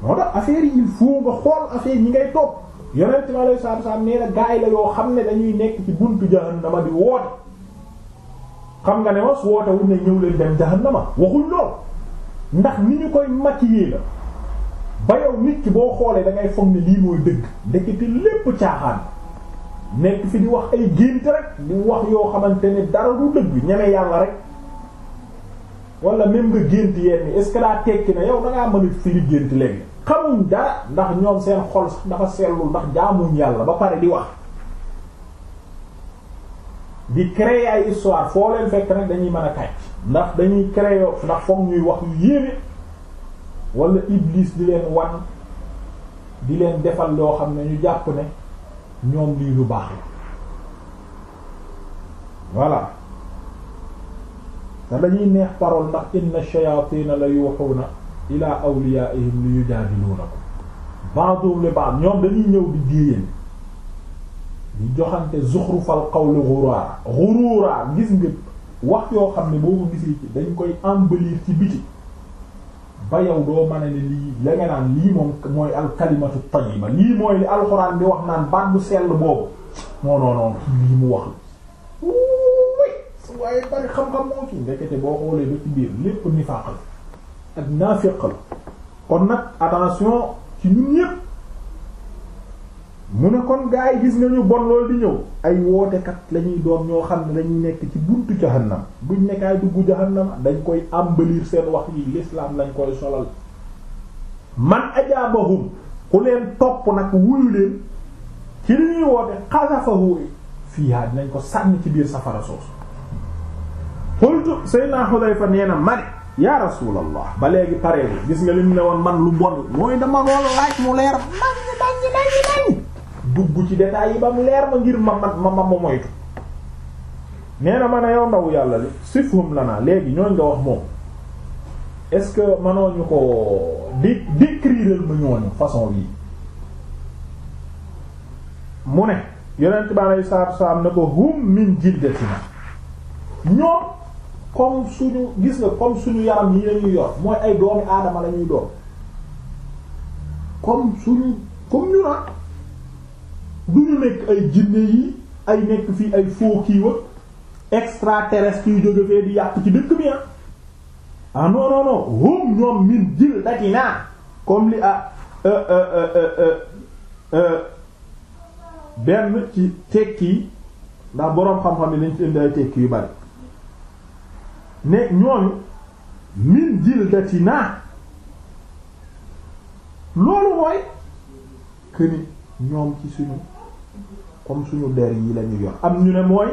moo tax affaire yi il nga ñi ngay topp. yonent mi alei salatu salaam nee na gaay la yoo xam ne dañuy nekk ci buntu jahannama di woote xam nga ne was woote wuñ ne ñëw leen dem jahannama waxuñ lool ndax ni ñu koy maquiller la ba yow nit ki boo xoolee dangay ngay foog ne lii mooy dëgg ndekete lépp caaxaan nekk fi di wax ay gént rek di wax yoo xamante ne dara du dëgg ñeme yàlla rek wala même nga gént yenn est-ce que daa tekki na yow da ngaa mën a firi gént léegi xamuñ dara ndax ñoom seen xol sax dafa sellul ndax jaamuñ yàlla ba pare di wax di créer ay histoire foo leen fekk nag dañuy mën a kàcc ndax dañuy créer ndax foog ñuy wax yu yéeme wala iblis di leen wan di leen defal loo xam ne ñu jàpp ne ñoom lii lu baax la voilà te dañuy neex parool ndax inna na la yu yuhuna ilaa awliyaa'ihim li yujaadiluunakum ba'duhum li ba'd ñoom dañuy ñëw di déeyeen di joxante zuxrufal qawli ghuruura ghuruura gis nga wax yoo xam ne boo ko gisee ci dañ koy embellir ci biti ba yow doo mën ne lii la naan lii moom mooy alkalimatu tayyiba lii mooy li alxuraan bi wax naan baat bu sell boobu non non lii mu wax la waaye bari xam-xam moo ci ndekete boo xoolee ba ci biir lépp nifaaq ak naafiq la kon nag attention ci ñun ñépp mu ne kon gaa yi gis nga ñu bon lool di ñëw ay wootekat lañuy doom ñoo xam ne dañuy nekk ci buntu jahannam buñ nekkaay dugg jahannam dañ koy embellir seen wax yi l'islam lañ koy solal man ajaabahum ku leen topp nag wuyu leen ci li ñuy woote xasafahu fiihaa dinañ ko sànni ci biir safara soosu xultu Seydina Xudayfa nee na mari yaa rasulallah ba léegi pare bi gis nga lim ne woon man lu bon mooy dama doon laaj mu leer man ñi man ñi man dugg ci détails yi ba mu leer ma ngir ma ma ma moytu nee ma ne yow ndaw yàlla li sifhum la naa léegi ñooñ nga wax moom est-ce que mënoo ñu ko dé- décrire ma ñooñu façon yii mu ne yonent bi aleyhi salaatu wa salaam ne ko hum min jildatina ñoom comme suñu gis nga comme suñu yaram yi lañuy yor mooy ay doomi aadama lañuy doom doon comme suñu comme ñu na du ñu nekk ay jinne yi ay nekk fii ay faux kiiwa extraterrestre yu jóge di yàq ci dëkk bi ah ah non non ñoom min jil dati naa comme li ah euh, euh, euh, benn ci tekki ndax boroom xam-xam yi dañ ci indi ay tekki yu bari ne ñooñu min jildatina loolu mooy que ñoom ci suñu comme suñu der yi la yor am ñu ne mooy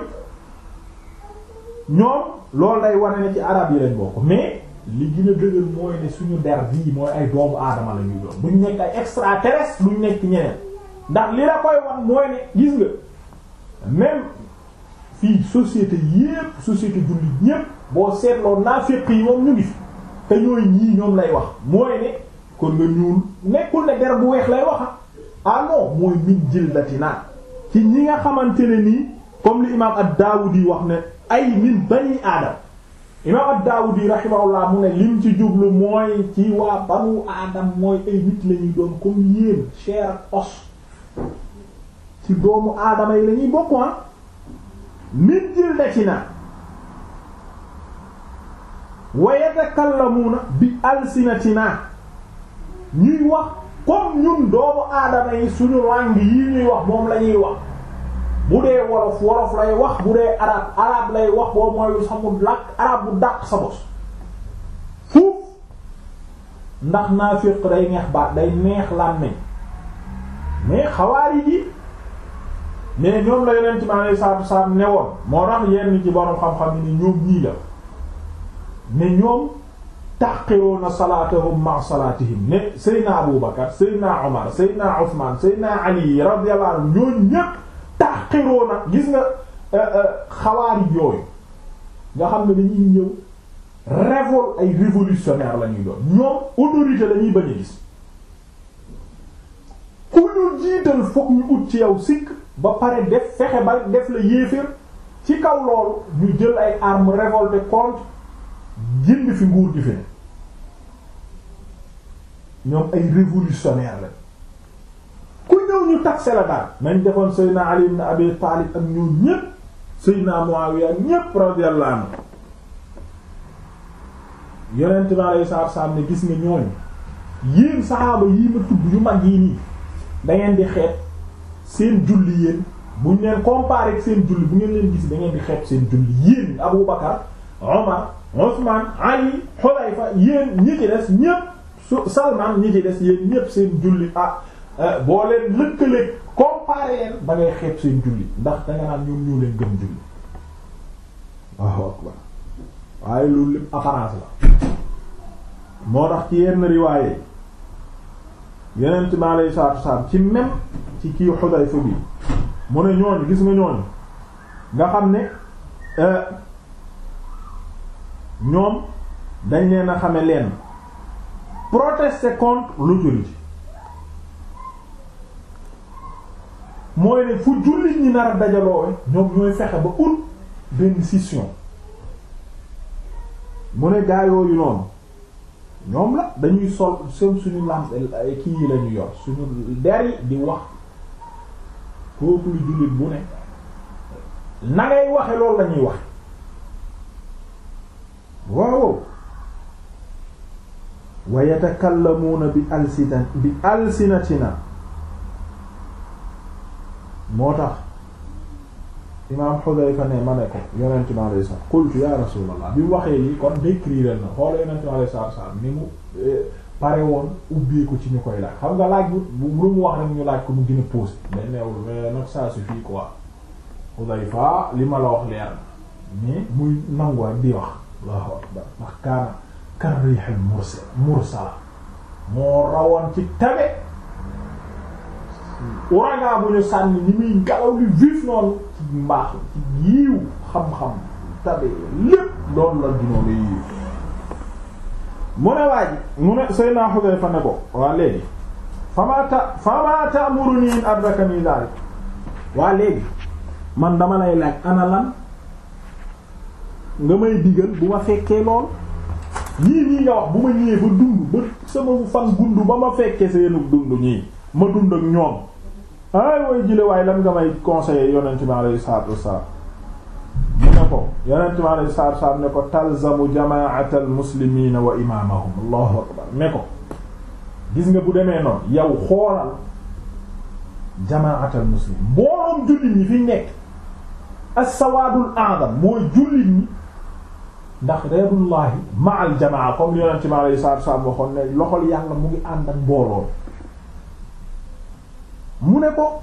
ñoom loolu day wane ne ci arab yi lañ bokk mais li gën a dëgër mooy ne suñu der bii mooy ay doomu aadama la ñuy yor duñ nekk ay extraterrestre duñ nekk ñeneen ndax li la koy wan mooy ne gis nga même fii société yépp société jullit ñépp boo seetloo naafeq yi moom ñu ngi fi te ñooy ñii ñoom lay wax mooy ne kon nga ñuul nekkul ne der bu weex lay wax ah, ah non mooy min jillatinaa ci ñi nga xamante ne nii comme li imaam ad-Daawudi wax ne ay min bani aadam imaam ad yi rahimahullah mu ne lim ci jublu mooy ci waa banu aadam mooy ay nit la doon comme yéen chair os ci doomu aadama yi lañuy bokkoon bokk ah min wa yatakallamuuna bi alsinatina ñuy wax comme ñun doomu aadama yi suñu langue yi ñuy wax moom lañuy wax bu dee wolof wolof lay wax bu dee arab arab lay wax boo mooy samu làkk arab bu dàq sa bos fuuf ndax naafiq day neex baat day neex làmmiñ mais xawaari yi mais ñoom la yonent mi alayhi salaatu wa ne newoon moo tax yenn ci borom xam-xam ni ñoom ñii la ne ñoom tàqiroona salaatahum ma salaatihim ne Seydina Abu Bakar Seydina Omar Seydina Ousmane Seydina Ali radiyallahu anhu ñooñu ñépp tàqiroona gis nga euh, euh, xawaari yooyu nga xam ne dañuy ñëw révol ay révolutionnaire la ñuy doon ñoom autorité la ñuy gis ku ñu jiital fokk ñu ut ci yow sikk ba pare def fexe ba def la yéeféer ci kaw loolu ñu jël ay arm révolté contre jënd fi nguur gi fi ñoom ay révolutionnaire la ku ñëw ñu taxé la daal nañ defoon Seydina Ali ibn Abi Talib ak ñoom ñépp Seydina Muawiya ak ñépp radiyallahu anhu yonent bi alei saatu salaam ne gis nga ñooñu yéen saxaaba yii ma tudd yu mag yii nii dangeen di xeeb seen julli yéen buñ leen comparé ak seen julli bu ngeen leen gis da ngeen di xeet seen julli yéen Abu Bakar Omar Ousmane Ali Xudayfa yéen ñi ci des ñépp su Salman ñi ci des yéen ñépp seen julli ah euh, boo leen lëkkaleeg comparé leen ba ngay xeeb seen julli ndax danga naan ñoom ñoo leen gëm julli waaw akbar waaye loolu lépp apparence la moo tax ci yenn riwaaye yeneen ci maa lay saatu ci même ci kii Xudayfa bi mu ne ñooñu gis nga ñooñu nga xam ne. Euh, ñoom dañ leen a xame leen protester contre l'autorité mooy ne fu jullit ñi nar a dajaloowe ñoom ñooy fexe ba ut benn scission mu ne gaa yooyu noonu ñoom la dañuy sol seen suñu lam kii yi lañu yor suñu der yi di wax kooku lu jullit bu ne na waxe loolu lañuy wax waaw wa yatakallamuuna bi alsina bi alsinatina moo tax imaam Xudayfa ne ma ne ko yonente mi alayhi salaam qultu ya rasulallah bi mu waxee yi kon décrire na xoola yonente mi alayhi salaam ni mu eh, pare woon ubbeeku ci ñu koy laaj xam nga laaj bu lu wax rek ñu laaj ko mu gën a posé mais neewul mais nag ça suffit quoi Xudayfa li ma la wax leer ni muy nangu ak wax allahu akbar ndax kaana karrihil mursa mursala moo rawoon ci tabe ouragan bu ñu sànni ni muy ngelaw li vif noonu ci mbaax ci yiiw xam-xam tabe lépp loolu la ginoonu yiiw mu ne waaj mu ne sëy naa fa ne ko waa léegi famata famata muru niin adraka nii daal waa léegi man dama lay laaj ana nga may digal bu ma fekkee lool ñii ñii nga wax bu ma ñëwee ba dund ba sama fan dund ba ma fekkee seenu dund ñii ma dund ak ñoom ay way jile waaye lan nga may conseiller yonent mi alayhi salaatu wassalaam mu ne ko yonent mi alayhi salaatu wassalaam ne ko talzamu jamaatal muslimiina wa imaamahum allahu akbar ne ko gis nga bu demee noonu yow xoolal jamaatal muslim mbooloom jullit ñi fi nekk as-sawaadul mooy jullit ñi ndax reerullahi ma al jamaa comme yonent ci ma alay saab saab waxoon ne loxol yàlla mu ngi ànd ak mbooloo mu ne ko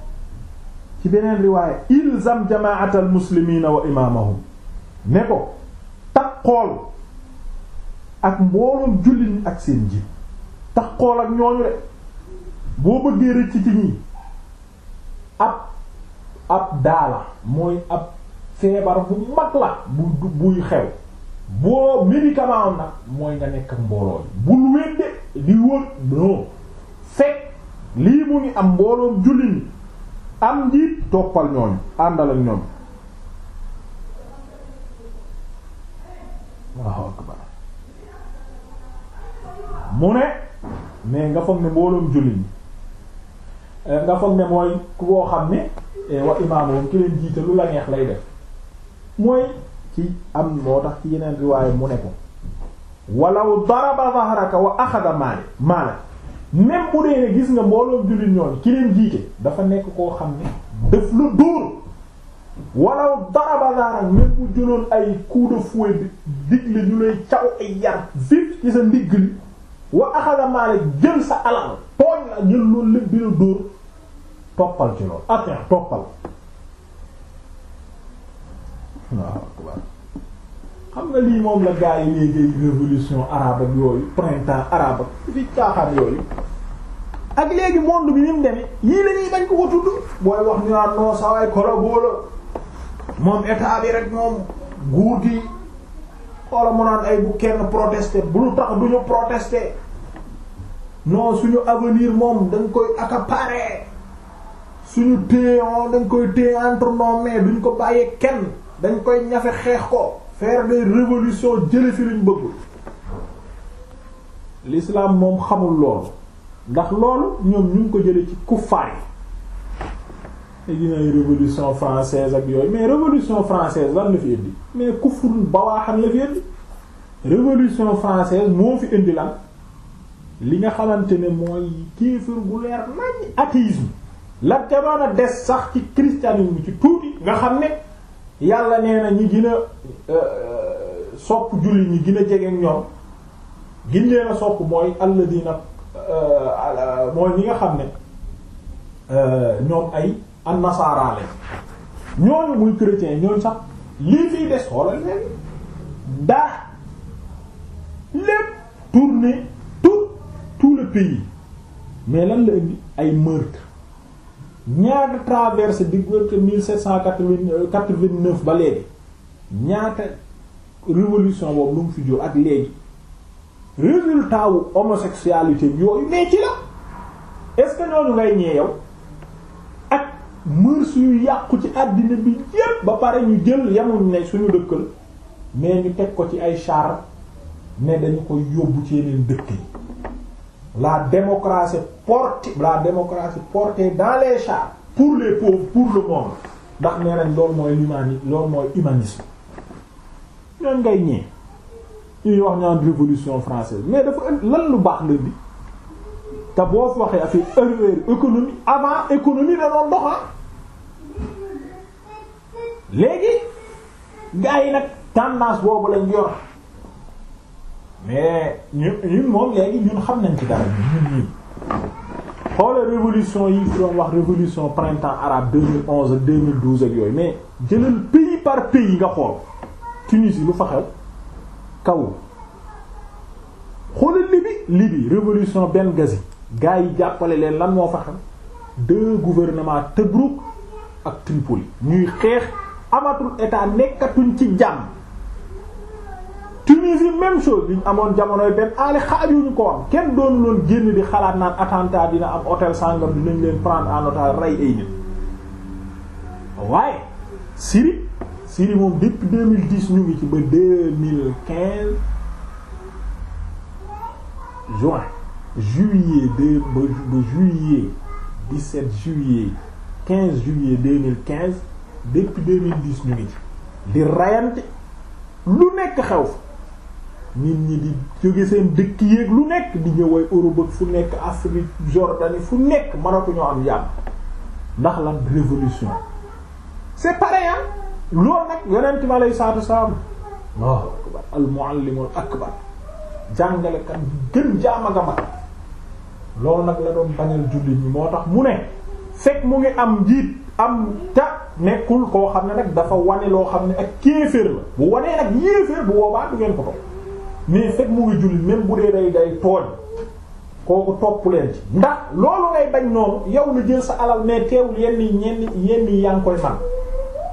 ci beneen riwaaya ilzam jamaatal muslimiina wa imaamahum ne ko takkool ak mbooloom jullit ak seen ji takkool ak ñooñu de boo bëggee rëcc ci ñii ab ab daala mooy ab feebar mag la bu buy xew boo médicament am mooy nga nekk ak mbooloo bul wedde di wóor non fekk lii mu ngi am mbooloom julli ni am njiit toppal ñooñu àndal ak mu ne mais nga foog ne mbooloom julli ni eh, nga foog ne mooy ku koo xam ne eh, wa imaamom ki leen lu la neex lay def mooy ci am loo tax ci yeneen riwaay mu ne ko walaw daraba zahraka wa axada maale maala même bu dee ne gis nga mbooloo jullit ñoon ki leen jiite dafa nekk koo xam ne def lu dóor walaw daraba zahrak même bu jëloon ay coup de fouet bi digle ñu lay caw ay yar vif ci sa ndigg li wa axada maale jël sa alal tooñ la jël loolu lépp bi la dóor toppal ci loolu toppal waaw akbar xam nga lii moom la gars yi léegi révolution arabe ak yooyu printemps arabe ak fi caaxaan yooyu ak léegi monde bi ni mu demee yii la ñuy ko ko tudd booy wax ñu naan non saa waay corabo moom état bi rek moom guur gi xoola mu naan ay bu kenn protester bu lu tax du ñu protester suñu avenir moom dañ koy accaparer suñu téye dañ koy téye entre nos mains duñ ko bàyyee kenn. dañ koy ñafe xeex ko faire des révolutions jële fi luñ bëggul l'islam moom xamul loolu ndax loolu ñoom ñu ngi ko jële ci kuffaar yi ginay révolution française ak yooyu mais révolution française lan la fi indi mais kufrul bawaaxan la fi indi révolution française moo fi indi lan li nga xamante ne mooy kéefër gu leer nañ athéisme la te a des sax ci christianisme ci tuuti nga xam ne yàlla nee na ñi gën a euh, euh, sopp julli ñi gën a jege ñoom gin leen a sopp mooy alladina euh, mooy ñi nga xam ne ñoom ay annasaara lañ ñooñu muy chrétien ñooñu sax lii fiy des xoolal leen daa lépp tourner tout tout le pays mais lan la indi ay meurtre ñaata traversé diggante mille sept cent quatre-vingt-neuf ba léegi ñaata révolution boobu lu mu fi ak léegi résultat wu homosexualité bi yooyu mais ci la est-ce ngay ñee yow ak mœurs yu yàqu ci àddina bi yépp ba pare ñu jël yemuñ ne suñu dëkkal mais ñu teg ko ci ay char ne dañu ko yóbbu ci yeneen dëkk yi la démocratie portée la démocratie portée dans les chars pour les pauvres pour le monde ndax nee nañ loolu mooy l'humani loolu mooy humanisme ñoom ngay ñee ñuy wax ñaan révolution française mais dafa lan lu baax la bi te boo waxee affaire erreur économie avant économie da doon ah. léegi gars nag tendance boobu lañ yor mais ñun ñun moom léegi ñun xam nañ ci dara ñun ñii xoolal révolution yi fi doon wax révolution printemps arabe 2011 ak 2012 yooyu mais jëlal pays par pays nga xool Tunisie lu fa kaw xoolal Libye Libye révolution Benghazi gars yi jàppale leen lan moo fa xew deux gouvernements Tobrouk ak Tripoli ñuy xeex amatul état nekkatuñ ci jàmm Tunisie sol bi ñu amoon jamonoy benn aali xaajuñu ko am kenn doonu loon génn di xalaat naan attentat dina am hôtel sàngam dinañ leen prendre en otage rey ay nit waaye Syrie Syrie moom depuis 2010 ñu ngi ci ba 2015 juin juillet de ba ba juillet 17 juillet 15 juillet 2015 depuis 2010 ñu ngi ci di reyante lu nekk xew nit ñi di jóge seen dëkk yéeg lu nekk di ñëway Europe fu nekk Afrique Jordanie fu nekk mën a mënatuñoo am yàlla ndax lan révolution c'est pareil ah loolu nag yonent bi aleyhi salaatu wasalaam ak a mag loolu nag la doon bañal jullit ñi moo tax mu ne fekk mu ngi am njiit am ta nekkul koo xam ne nag dafa wane loo xam ne ak kéeféer la bu wanee nag yéeféer bu boobaa du ngeen ko ko mais fekk mu ngi julli même bu dee day day tooñ kooku topp leen ci ndax loolu ngay bañ noonu yow lu jël sa alal mais teewul yenn ñenn yenn yi yaa ngi koy man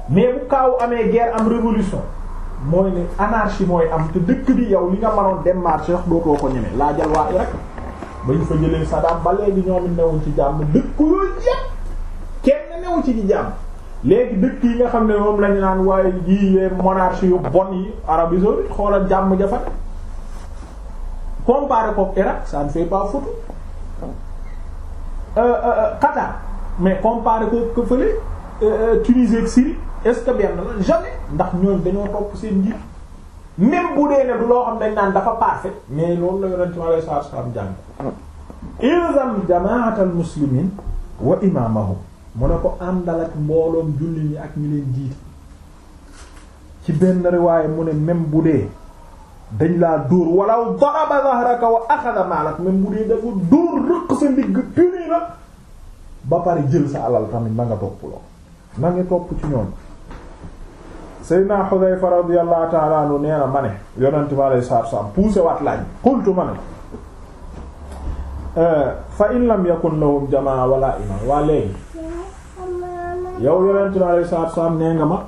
mais bu kaaw amee guerre am révolution mooy ne anarchie mooy am te dëkk bi yow li nga mënoon dem marché wax dootoo ko ñeme laa jal waa Irak ba ñu fa jëlee Saddam ba léegi ñoom newuñ ci jàmm dëkk yooyu yépp kenn newu ci ci jàmm léegi dëkk yi nga xam ne moom lañu naan waaye yii les monarchie yu yi Arabie saoudite jàmm jafe comparé ko Irak ça ne fait pas photo euh, euh, euh, Qatar mais comparé ko ko fële Tunisie ak Syrie est-ce que benn la jamais ndax ñoom dañoo topp seen njiit même bu dee ne du loo xam dañ naan dafa parfait mais loolu la yonent mi alayhi salaatu salaam jàng ilzam jamaatal muslimin wa imamahum mu ne ko àndal ak mbooloom julli ñi ak ñu leen jiite ci benn riwaaye mu ne même bu dee dañ laa dóor walaw daraba zahraka wa axada maalak même bu dee dafa dóor rëq sa ndigg puni ba pare jël sa alal tamit na nga topp loo na topp ci ñoom Seydina Xudayfa radiyallahu ta'ala anhu na ma ne yonente mi alei saatu salaam poussé waat laaj qultu ma ne euh, fa in lam yakun lahum jamaa wala imaam waa léegi yow yonente mi alei saatu salaam nee nga ma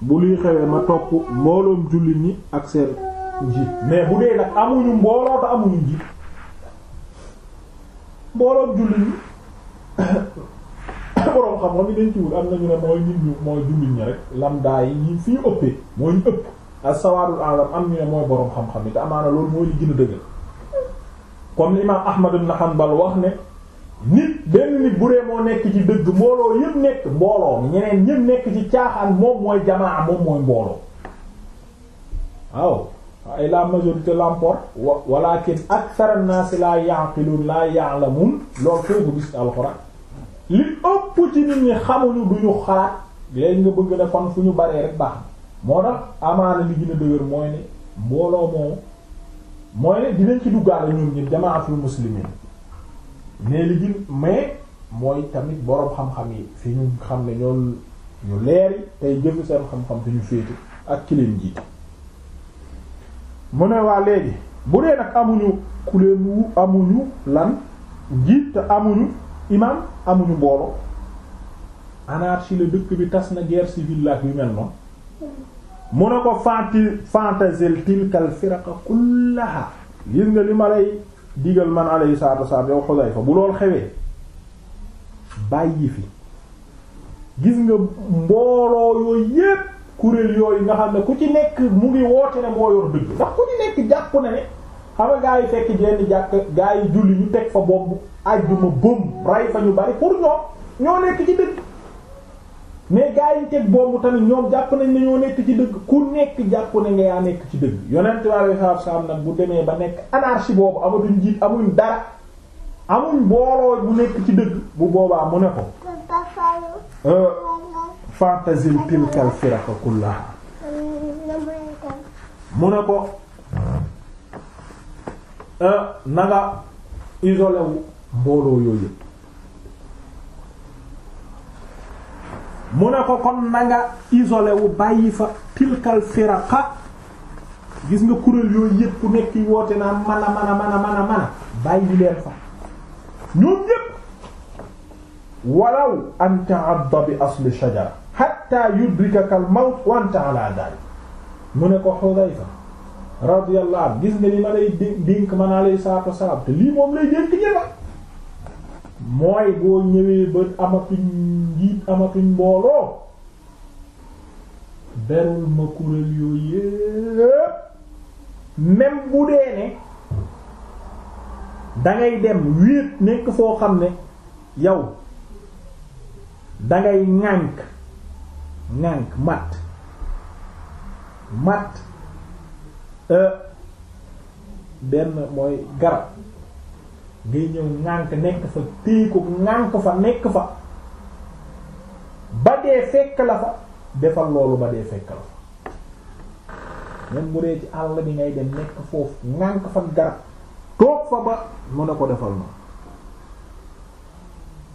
bu luy xewee ma topp mbooloom jullit ñi ak seen njiit mais bu dee nag amuñu mbooloo te amuñu njiit mbooloo jullit ñi boroom xam-xam yi dañ ci wut am nañu ne mooy nit ñu mooy jullit ñi rek lamda yi ñi fii ëppee mooy ñu ëpp ak sawaadul alam am ñu ne mooy boroom xam-xam yi amaana loolu mooy li gën a dëgër comme l'imam Ahmad ibn wax ne nit benn nit bu dee moo nekk ci dëgg mbooloo yëpp nekk mbooloo ñeneen ñëpp nekk ci caaxaan moom mooy jamaa moom mooy mbooloo waaw ay la majorité l'emporte wa walakin akthara an-nas la ya'qilun la ya'lamun loolu koy bu gis alxuraan li ëpp ci nit ñi xamuñu duñu xalaat léegi nga bëgg ne kon fu ñu baree rek baax moo tax amaana li gën a dëgër mooy ne mbooloo moomu mooy ne dinañ ci duggaale ñoom ñi jamaatul muslimin mais li gën mais mooy tamit boroom xam-xam yi fi ñu xam ne ñoo ñu leer tey jëf seen xam-xam fi ñu féete ak ki leen mu ne waa léegi bu dee nag amuñu kuléemu amuñu lan jiit te amuñu imam amuñu mbooloo anarchie la dëkk bi tas na guerre civile la ak yu mel noonu mu ne ko fanti fantasil tilkal firaqa kullaha gis nga li ma lay digal man alayhi salatu wassalam yow Xudayfa bu lool xewee bàyyi fi gis nga mbooloo yooyu yépp kuréel yooyu nga xam ne ku ci nekk mu ngi woote ne moo yor dëgg ndax ku ci nekk jàpp na ne xam nga gaa yi fekk jenn jàkk gaa yi julli ñu teg fa bomb ajjuma bëm ray fa ñu bari pour ñoom ñoo nekk ci dëgg mais gaa yi teg bomb tamit ñoom jàpp nañ ne ñoo nekk ci dëgg ku nekk jàpp na nga yaa nekk ci dëgg yonent Yàlla sallallahu alayhi wasallam nag bu demee ba nekk anarchie boobu amatuñ njiit amuñ dara amuñ booloo bu nekk ci dëgg bu boobaa mu ne ko fantazil tilkal firaq kullaha mu ne ko eh, na nga wu mbooloo yooyu yëpp mu ne ko kon na nga bàyyi fa tilkal firaqa gis nga kuréel yooyu yëpp ku nekk yi woote naa man a man a man bàyyi leen fa ñoom yëpp walaw an ta'adda bi asli shajara hatta yudrikaka al mawt wa anta ala mu ne ko Xudayfa radiyallahu anhu gis nga li ma lay dénk man alay saatu salaam te lii moom lay dénk ñëwa mooy boo ñëwee ba amatuñ njiit amatuñ mbooloo berul ma kuréel yooyu yépp même dee ne dangay dem wéet nekk foo xam ne yow dangay ŋànk ŋànk matt matt e, benn mooy garab ngay ñëw ŋànk nekk fa téye ko fa nekk fa ba dee fekk la fa defal loolu ba dee fekk la fa même bu dee ci àll bi ngay dem nekk foofu ŋànk fa garab toog fa ba mën a ko defal noonu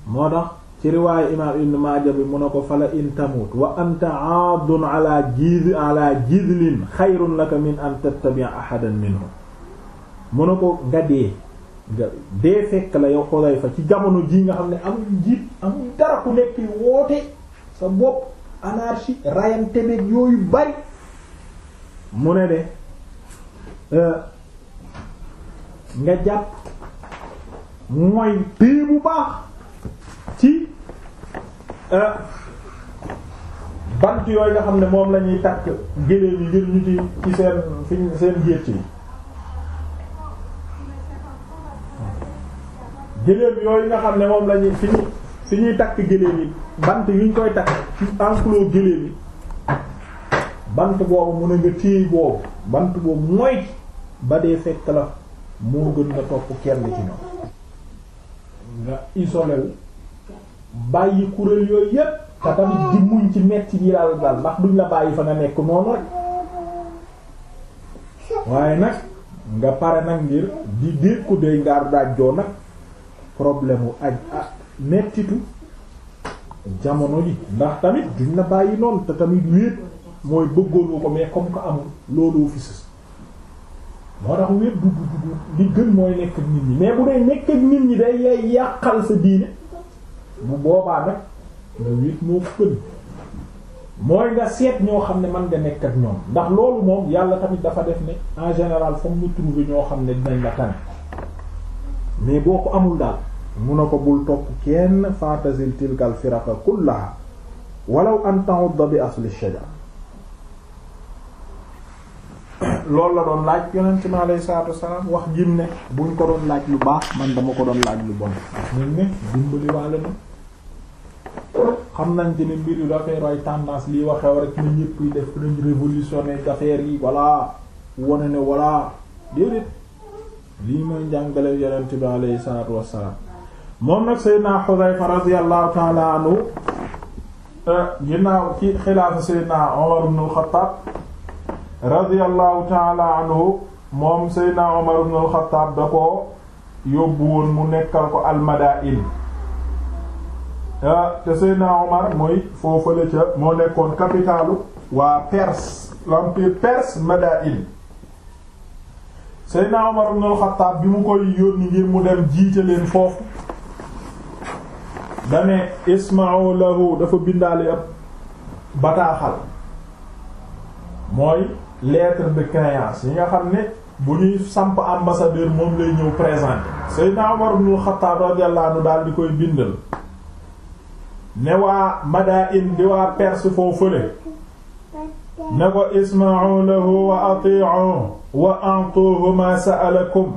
moo tax ci riwaayu imaam ibn Maaja bi mu ne ko fala in tamut wa anta aadun ala jiz ala jizlin xayrun laka min an tattabi'a ahadan minhum mu ne ko nga dee nga dee fekk la yow fa ci jamono jii nga xam ne amul njiit amul dara ku nekk bopp anarchie rayante beeg yooyu bari mu ne de euh, nga jàpp mooy pii bu baax ci euh, bant yooyu nga xam ne moom la ñuy takk géléem yi ngir ñu ci ci seen fiñ seen gétt yi géléem yooyu nga xam ne moom la fi ñu fi ñuy takk géléem yi bant yuñ koy takk ci enclos géléem yi bant boobu mu ne nga téye boobu bant boobu mooy ba dee fekk la moo gën nga topp kenn ci ñoom nga isolé bàyyi kuréel yooyu yépp te tamit di muñ ci metti yi daal daal ndax duñ la bàyyi fa nga nekk noonu rek waaye nag nga pare nag ngir di dékku dey ngaar daajjoo nag problème wu aj ah, jamono ji ndax tamit duñ la bàyyi noonu te tamit wéet mooy bëggoon ko mais comme que amul looloo fi sës moo tax wéet du du du li gën mooy nekk nit ñi mais bu dee nekk nit ñi day yàqal sa diine bu boobaa nag le huit moo gën mooy nga seet ñoo xam ne mën nga nekk ñoom ndax loolu moom yàlla tamit dafa def ne en général foog nga trouver ñoo xam ne dinañ la tane mais boo ko amul daal mun na ko bul topp kenn fantasil tilkal firaqa kullaha walaw an ta'udda bi asli shajar loolu la doon laaj yonent mi alayhi salaatu wasalaam wax jim ne buñ ko doon laaj lu baax man dama ko doon laaj lu bon ndax ñun ne dimbali wàlla na xam nañ te ne mbir yu dafay roy tendance liy waxew rek na ñëpp yi def nañ révolutionner affaire yi voilà wane ne voilà déedéet lii mooy njàngale yonent bi alayhi salaatu wasalaam moom nag Seydina Xudayfa radiyallahu ta'ala anhu eh, ginnaaw ci xilaafa Seydina Umar ibn radiyallahu taala anhu moom seydna omar ibn al da ko yóbbu woon mu nekkal ko almadain ah, te seydna omar mooy foofale ca moo nekkoon capitalu waa Perse l'empire Perse madain seydna omar ibn al bi mu koy yónni ngir mu dem jiite leen foofu dane isma'u dafa bindaale ab bataaxal mooy lettre de créance yi nga xam ne bu ñuy samp ambassadeur moom lay ñëw présenter Seydina Umar ibn Khattab radiyallahu daal di koy bindal ne waa Madain di waa Perse foofu fële ne ko isma'u wa ati'u wa antuhu ma sa'alakum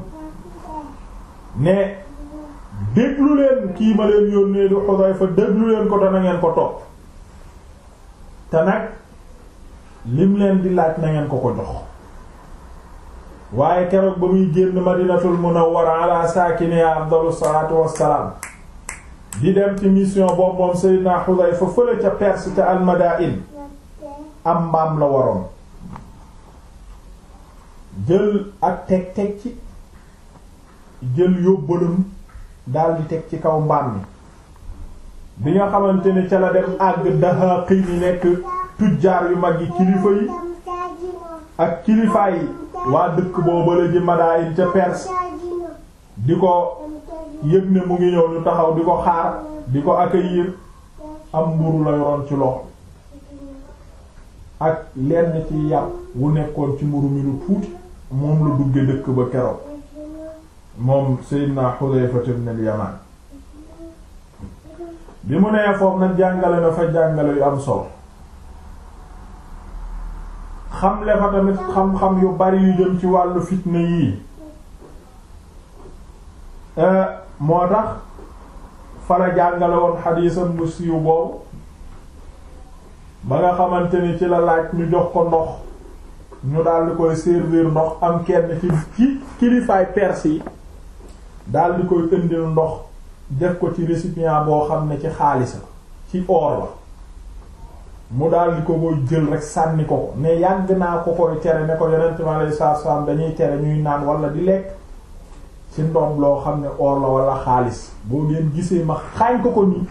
ne déglu kii ma leen yónnee di Xudayfa déglu leen ko te na ko topp te nag lim leen di laaj na ngeen ko ko jox waaye keroog ba muy génn madinatul munawwara ala saakini afdalu salaatu wassalaam di dem ci mission boobu moom Seydina Xudayfa fële ca Perse ca Almadain am mbaam la waroon jël ak teg teg ci jël yóbbalum daldi teg ci kaw mbaam mi bi nga xamante ne ca la dem àgg Dahaaqi ni nekk tujjaar yu mag yi kilifa yi ak kilifaay waa dëkk boobale ji Madayin ca Perse di ko yëg ne mu ngi ñëw ñu taxaw di ko xaar di ko accueillir am mburu la yoroon ci loxo ak lenn ci yàpp wu nekkoon ci mburu mi lu tuuti moom la dugge dëkk ba keroog moom Seydina Hudayfa ibn al-Yaman bi mu nee foofu nag jàngale na fa jàngale yu am solo xamle fa tamit xam-xam yu bari yu jëm ci wàllu fitna yii eh, moo tax fara jàngale woon xadiisam bu siiw boobu ba nga xamante ni ci la laaj ñu jox ko ndox ñu daldi koy servir ndox am kenn ci ci kilifaay perse yi daldi koy indil ndox def ko ci récipient boo xam ne ci xaalis la ci or la mu daal di ko koy jël rek sànni ko ne yàgg naa ko koy tere ne ko yonent mi alayhi salaam dañuy tere ñuy naan wala di lekk ci ndoom loo xam ne or la wala xaalis boo ngeen gisee ma xaañ ko ko nii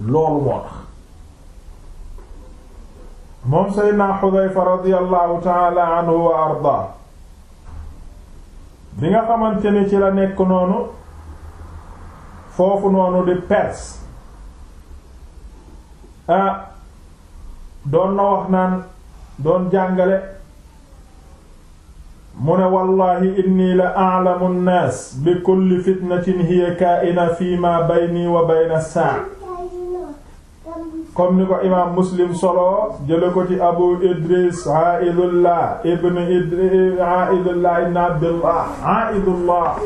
loolu moo tax moom Seydina Xudayfa radiyallahu taala anhu wa arda bi nga xamante ne ci la nekk noonu foofu noonu di Perse ah, doon na wax naan doon jàngale mu ne wallahi inni la a'lamu an-nas bi kulli fitnatin hiya kaa'ina fi ma bayni wa bayna as-saa' comme ni ko imaam muslim solo jële ko ci abu idris aidullah ibn idris aidullah ibn abdullah aidullah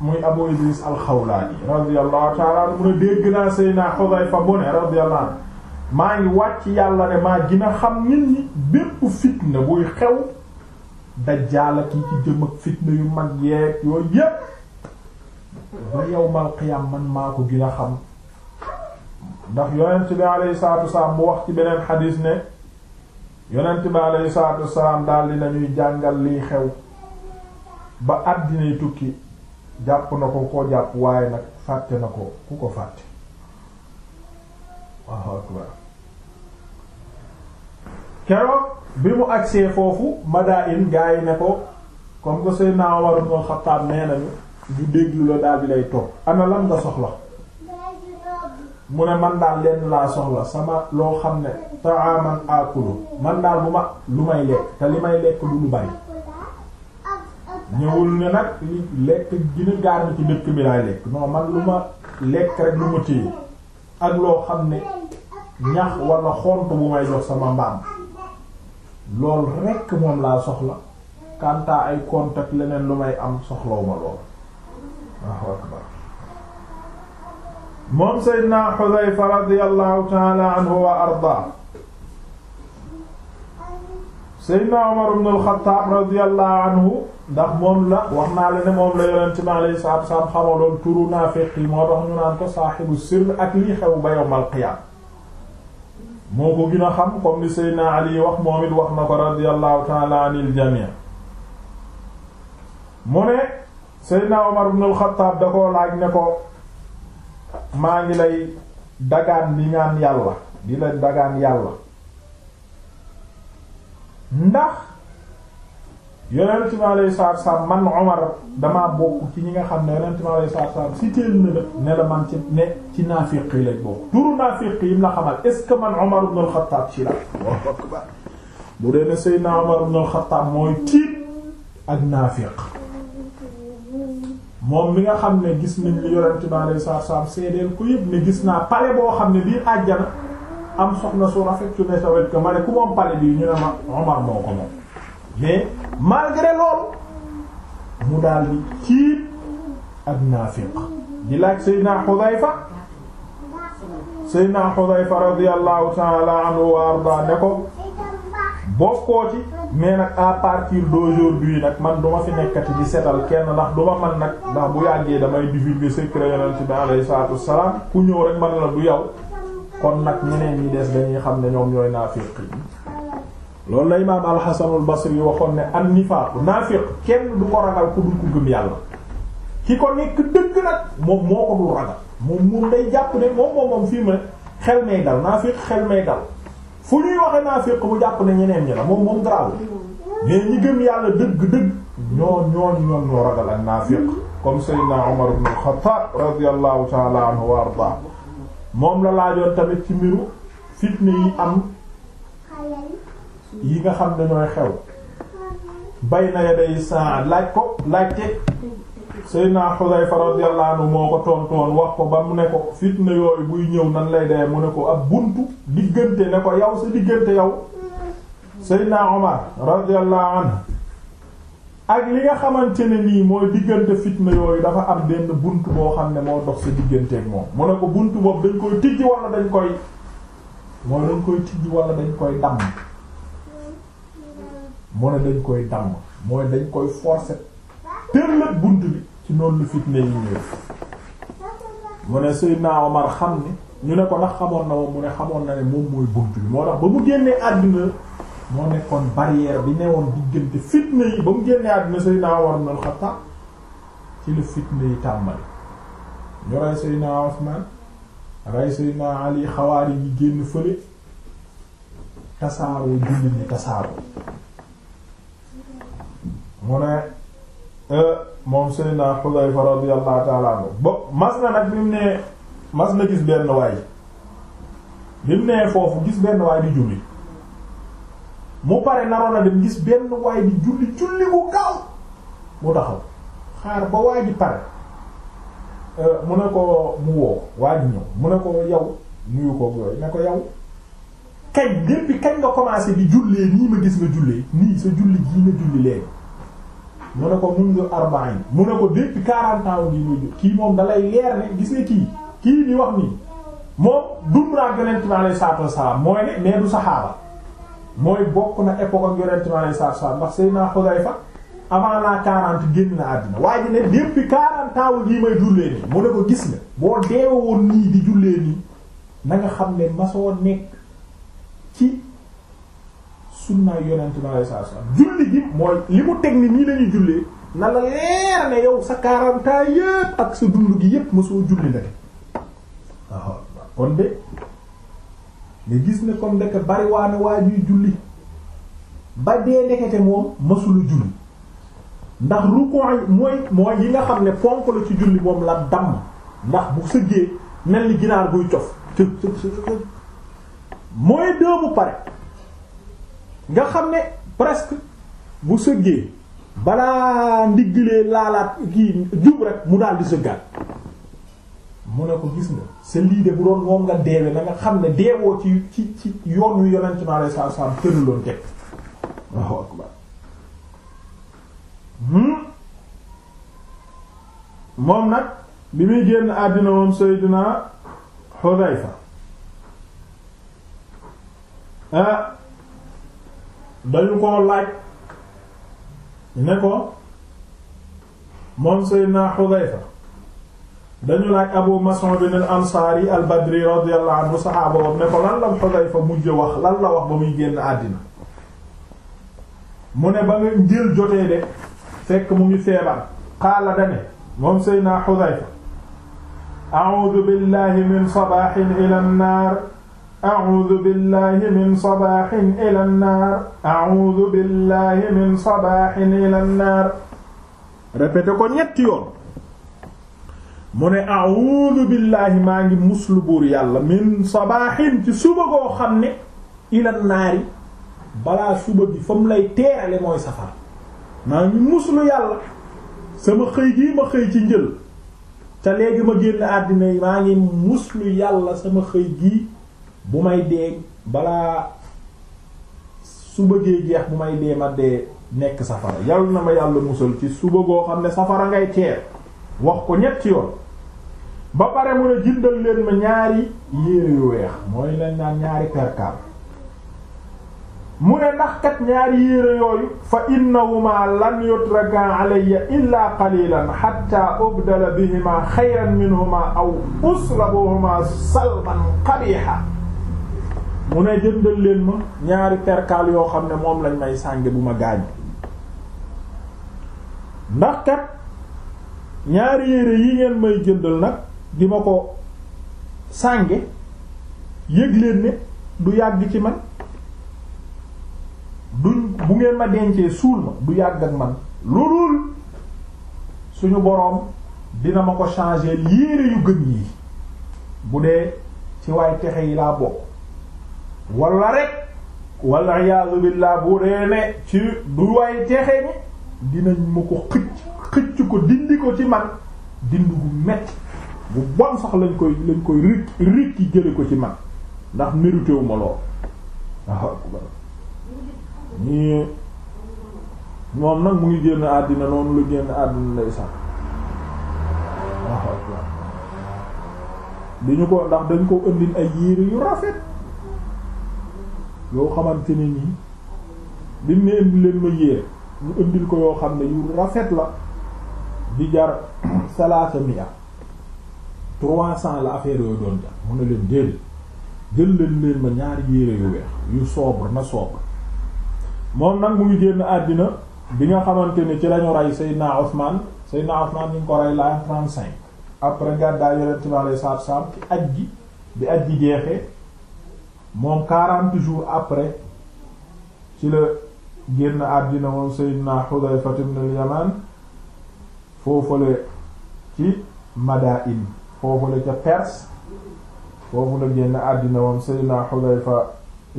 muy abu idris al-xawlaani radiyallahu ta'ala anhu mu ne dégg naa sayna xudayfa mu ne radiyallahu maa ngi wàcc yàlla ne maa gën a xam nit ñi bépp fitna buy xew dajjaal ak yi ci ak fitna yu mag yeeg yooyu yépp ba yawmal qiyaam man maa ko gën xam ndax yonent bi alayhi salaatu wasalaam mu wax ci beneen xadiis ne yonent bi alayhi salaatu wasalaam daal di nañuy jàngal liy xew ba yi tukki jàpp na ko koo jàpp waaye nag fàtte na ko ku ko fàtte waaw keroog bi mu agsee foofu Madain gaa yi ne ko comme que Seydina Umar ibn Xattaab nee nañu du déglu la daal di lay toog ana lan nga soxla mu ne man daal lenn laa soxla sama loo xam ne ta'aman akulu man daal bu ma lu may lekk te li may lekk du lu bari ñëwul ne nag li lekk gina gaar ci dëkk bi laay lekk non man lu ma lekk rek lu ma téye ak loo xam ne ñax wala xont bu may jox sama mbaam loolu rekk moom laa soxla kanta ay contact leneen lu may am soxlaw ma lool waaw akbar moom Seydina Xudayfa radiyallahu taala anhu wa arda Seydina Umar ibn al-Khattab radiyallahu anhu ndax moom la wax naa la ne moom la yonent mi alayhi salaatu salaam xamaloon turu naafiq yi moo tax ñu naan ko saaxibu sirr ak lii xew ba yawmal qiyaam moo ko gën a xam comme ni Seydina Ali wax moom it wax na ko radiyallahu ta'ala anil jamii mu ne Seydina Omar ibn al-Khattab da laaj ne ko maa ngi lay dagaan di ñaan yàlla di la dagaan yàlla ndax yonent bi alayhi salaatu salaam man Omar damaa bokk ci ñi nga xam ne yonent bi alayhi salaatu salaam si teel na la ne la man ci ne ci naafiq yi lañ bokk turu naafiq yi mu la xamal est ce que man Omar ci la Allahu bu dee ne mooy tiit ak naafiq moom mi nga xam ne gis nañ li yonent bi alayhi salaatu salaam seedeel ko yëpp ne gis naa pale boo xam ne lii àjjana am soxna su rafet su ne sa wet ko ma ne ku moom pale bii ñu ne ma Omar moo ko moom. mais malgré loolu mu daal di ciib ak naafiq di laaj Seydina Xudayfa Seydina Xudayfa radiyallahu ta'ala anhu wa arda ne ko bokkoo ci mais nag à partir d'aujourd'hui nag man duma fi nekkati di setal kenn ndax duma man nag ndax bu yàggee damay divulguer secret yonent bi alayhi salaatu wassalaam ku ñëw rek man la du yow kon nag ñeneen yi des dañuy xam ne ñoom ñooy naafiq yi loolu la imaam alxasanul basri waxoon ne an nifaaqu naafiq kenn du ko ragal ku dul ku gëm yàlla ki ko nekk dëgg nag moom moo ko dul ragal moom day jàpp ne moom moom moom fii jàpp ne ñeneen ñi la moom moom draw mais ñi gëm yàlla dëgg dëgg ñoo ñoo ñoo ragal ak naafiq comme sayyidina Umar ibn al-Khattab radiyallahu ta'ala anhu wa moom la laajoon tamit ci mbiru fitne yi am yi nga xam ne ñooy xew bay na yaday saa laaj ko laajte Seydina Xudayfa radiyallahu anhu moo ko tontoon wax ko ba mu ne ko fitna yooyu buy ñëw nan lay dee mu ne ko ab buntu diggante ne ko yow sa diggante yow Seydina Omar radiyallahu anhu ak li nga xamante ne nii mooy diggante fitna yooyu dafa am benn buntu boo xam ne moo dox sa digganteeg moom mu ne ko buntu boobu dañ koy tijji wala dañ koy mooy dañ koy tijji wala dañ koy damm mu ne dañ koy damm mooy dañ koy forcer tërlët bunt bi ci noonu lu fitne yi ñëw mu ne Seydina Omar xam ni ñu ne ko ndax xamoon na moom mu ne xamoon na ne moom mooy bunt bi moo tax ba mu génnee àddina moo nekkoon barrière bi newoon diggante fitne yi ba mu génnee àddina Seydina Omar ibn al-Khattab ci la fitne yi tàmbali ñu rey Seydina Usman rey Seydina Ali xawaari yi génn fële tasaaroo jullit ñi tasaaroo mu ne e, moom Seydina Xudayfa radiyallahu ta'ala anhu bopp mas na nag bi mu nee mas na gis benn waay bi foofu gis benn waay di julli mu pare naroon a dem gis benn waay di julli julli bu gaaw mu taxaw xaar ba waay di pare e, mu ne ko mu woo waay ñëw mu ne ko yow nuyu ko yooyu ne ko yow kañ depuis kañ nga commencé di jullee nii ma gis nga jullee nii sa julli gii nga julli léegi mu ne ko mundu arba'in mu ne ko depuis quarante ans ngi muy kii moom dalay leer ne gis ne kii kii di wax nii moom dund naa yonent bi alayhi salaatu wassalaam mooy ne mais du saxaaba mooy bokk na époque ak yonent bi alayhi salaatu wassalaam ndax Seydina Xudayfa avant la quarante génn na àddina waaye ji ne depuis quarante may jullee nii mu ne ko gis nga boo deewoon nii di jullee nii na xam ne masoo nekk sunnaay yonent bi alayhi salaatu salaam julli gi mooy li mu teg nii lañuy jullee na la leer ne yow sa quarante yépp ak sa dund gi yépp mosoo julli nag waaw kon de nga gis ne comme julli ndax rukoy mooy mooy yi nga xam ne fonk la ci julli moom la damm ndax bu sëggee mel ni ginaar buy cof mooy dëbu pare nga xam ne presque bu sëggee balaa ndiggalee laalaat kii jub rek mu daal di sëggaat mu ne ko gis nga sa lii de bu doon moom nga deewe na nga xam ne deewoo ci ci ci yoon wi yonent mi alayhi salaatu salaam tënuloon teg waaw akbar hmm? moom nag bi muy génn àddina moom Seydina Xudayfa ah dañu ko laaj ne ko moom Seydina Xudayfa dañu laaj Abu Mas'ud al-Ansaari al-Badri radiyallahu anhu saxaaba woon ne ko lan la Xudayfa mujj wax lan la wax ba muy génn àddina mu ne ba nga jotee de fekk mu ngi feebar qaala dane moom Seydina Xudayfa a'uudu billahi min sabaahin ila an-naar a'uudu ñetti yoon mu ne a'uudu billahi maa ngi muslu buur yàlla min sabaahin ci suba goo xam ne ilaa naari balaa suba bi fa mu lay teerale mooy safara maa ngi muslu yàlla sama xëy gii ma xëy ci njël te léegi ma génn àddina yi maa ngi muslu yàlla sama xëy gii bu may dee balaa su bëggee jeex bu may dee ma dee nekk safara yàlla na ma yàlla musal ci suba goo xam ne safara ngay teer wax ko ñetti yoon ba pare mu ne jindal leen ma ñaari yére yu weex mooy leen naan ñaari perkaal mu ne ndax kat ñaari yére yooyu fa innahuma lan yutraka alayya illa qalilan hatta ubdala bihima xayran minhuma aw uslabuhuma salban qabiha mu ne jëndal leen ma ñaari perkaal yoo xam ne moom lañ may sànge bu ma gaañ ndax kat ñaari yére yi ngeen may jëndal nag di ma ko sànge yëg leen ne du yàgg ci man duñ bu ngeen ma dencee suul ma du yàgg ak man lu dul suñu boroom dina ma ko changer yére yu gën yi bu dee ci waay texe yi laa bokk wala rek wala iyaazu billaah bu dee ne ci du waay teexee ni dinañ ma ko xëcc xëcc ko dindi ko ci man dindi gu metti bu bon sax lañ koy lañ koy rik rik jële ko ci man ndax mérité wu ma lool moom nag mu ngi génn àddina noonu la génn àddina lay sax waaw ñu ko ndax dañ ko ëndin ay yére yu rafet yoo xamante ni nii lim ne leen ma yéer ñu indil ko yoo xam ne yu rafet la di jar salaasa miya trois cents la affaire yooyu doon jar mu ne leen déedéet jël leen leen ma ñaari yéere yu weex yu sobre na sobre moom nag mu ngi génn àddina bi nga xamante ni ci lañu rey Seydina Ousmane Seydina Ousmane ñu ngi ko rey la trente-cinq après gàddaay Yonent bi alayhi salaatu ci aj gi bi aj gi jeexee moom quarante jours après ci la génn àddina moom Seydina Xudayfa ibn al-Yaman foofale ci Madain foofale ca Perse foofu la génn àddina moom Seydina Xudayfa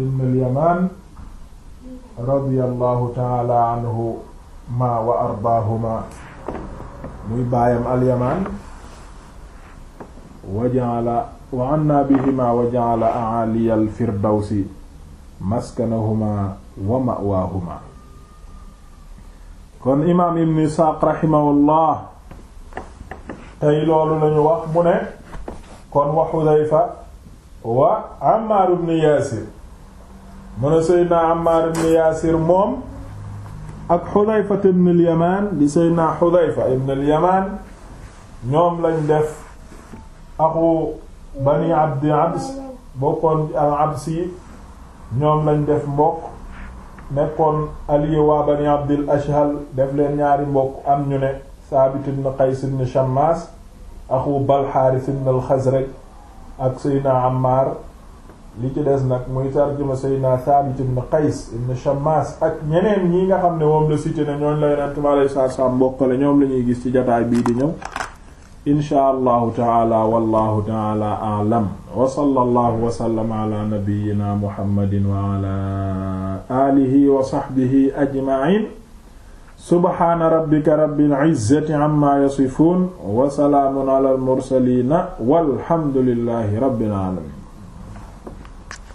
ibn al-Yaman radiyallahu taala ma wa ardaahuma muy baayam al wa ja'ala wa anna bihima wa ja'ala a'aliya al-firdawsi maskanahuma wa ma'waahuma kon imaam ibn Isaaq rahimahullah tey loolu lañu wax mu ne kon wa Xudayfa wa Ammaar ibn Yaasir mu ne Seydina Ammaar ibn Yaasir moom ak Xudayfa ibn al-Yamaan di Seydina Xudayfa ibn al-Yamaan ñoom lañ def axu bani abdi abs bokkoon al euh, abs yi ñoom lañ def mbokk nekkoon allié waa bani abdil ashhal def leen ñaari mbokk am ñu ne saabit ibn qays ibn shammas axu bal xaaris ibn al xazraj ak seydna ammar li ci des nag muy tarjuma seydna saabit ibn qays ibn shammas ak ñeneen ñi nga xam ne moom la cité ne ñooñ la yonent bi alayhi salaam mbokkale ñoom la ñuy gis ci jataay bii di ñëw insha allahu taala wallahu taala alam wa sallallahu wa sallam ala nabiyyina muhammadin wa ala alihi wa sahbihi ajma'in subhana rabbika rabbil izzati amma yasifun wa salaamun ala al mursalina walhamdulillahi rabbil alamin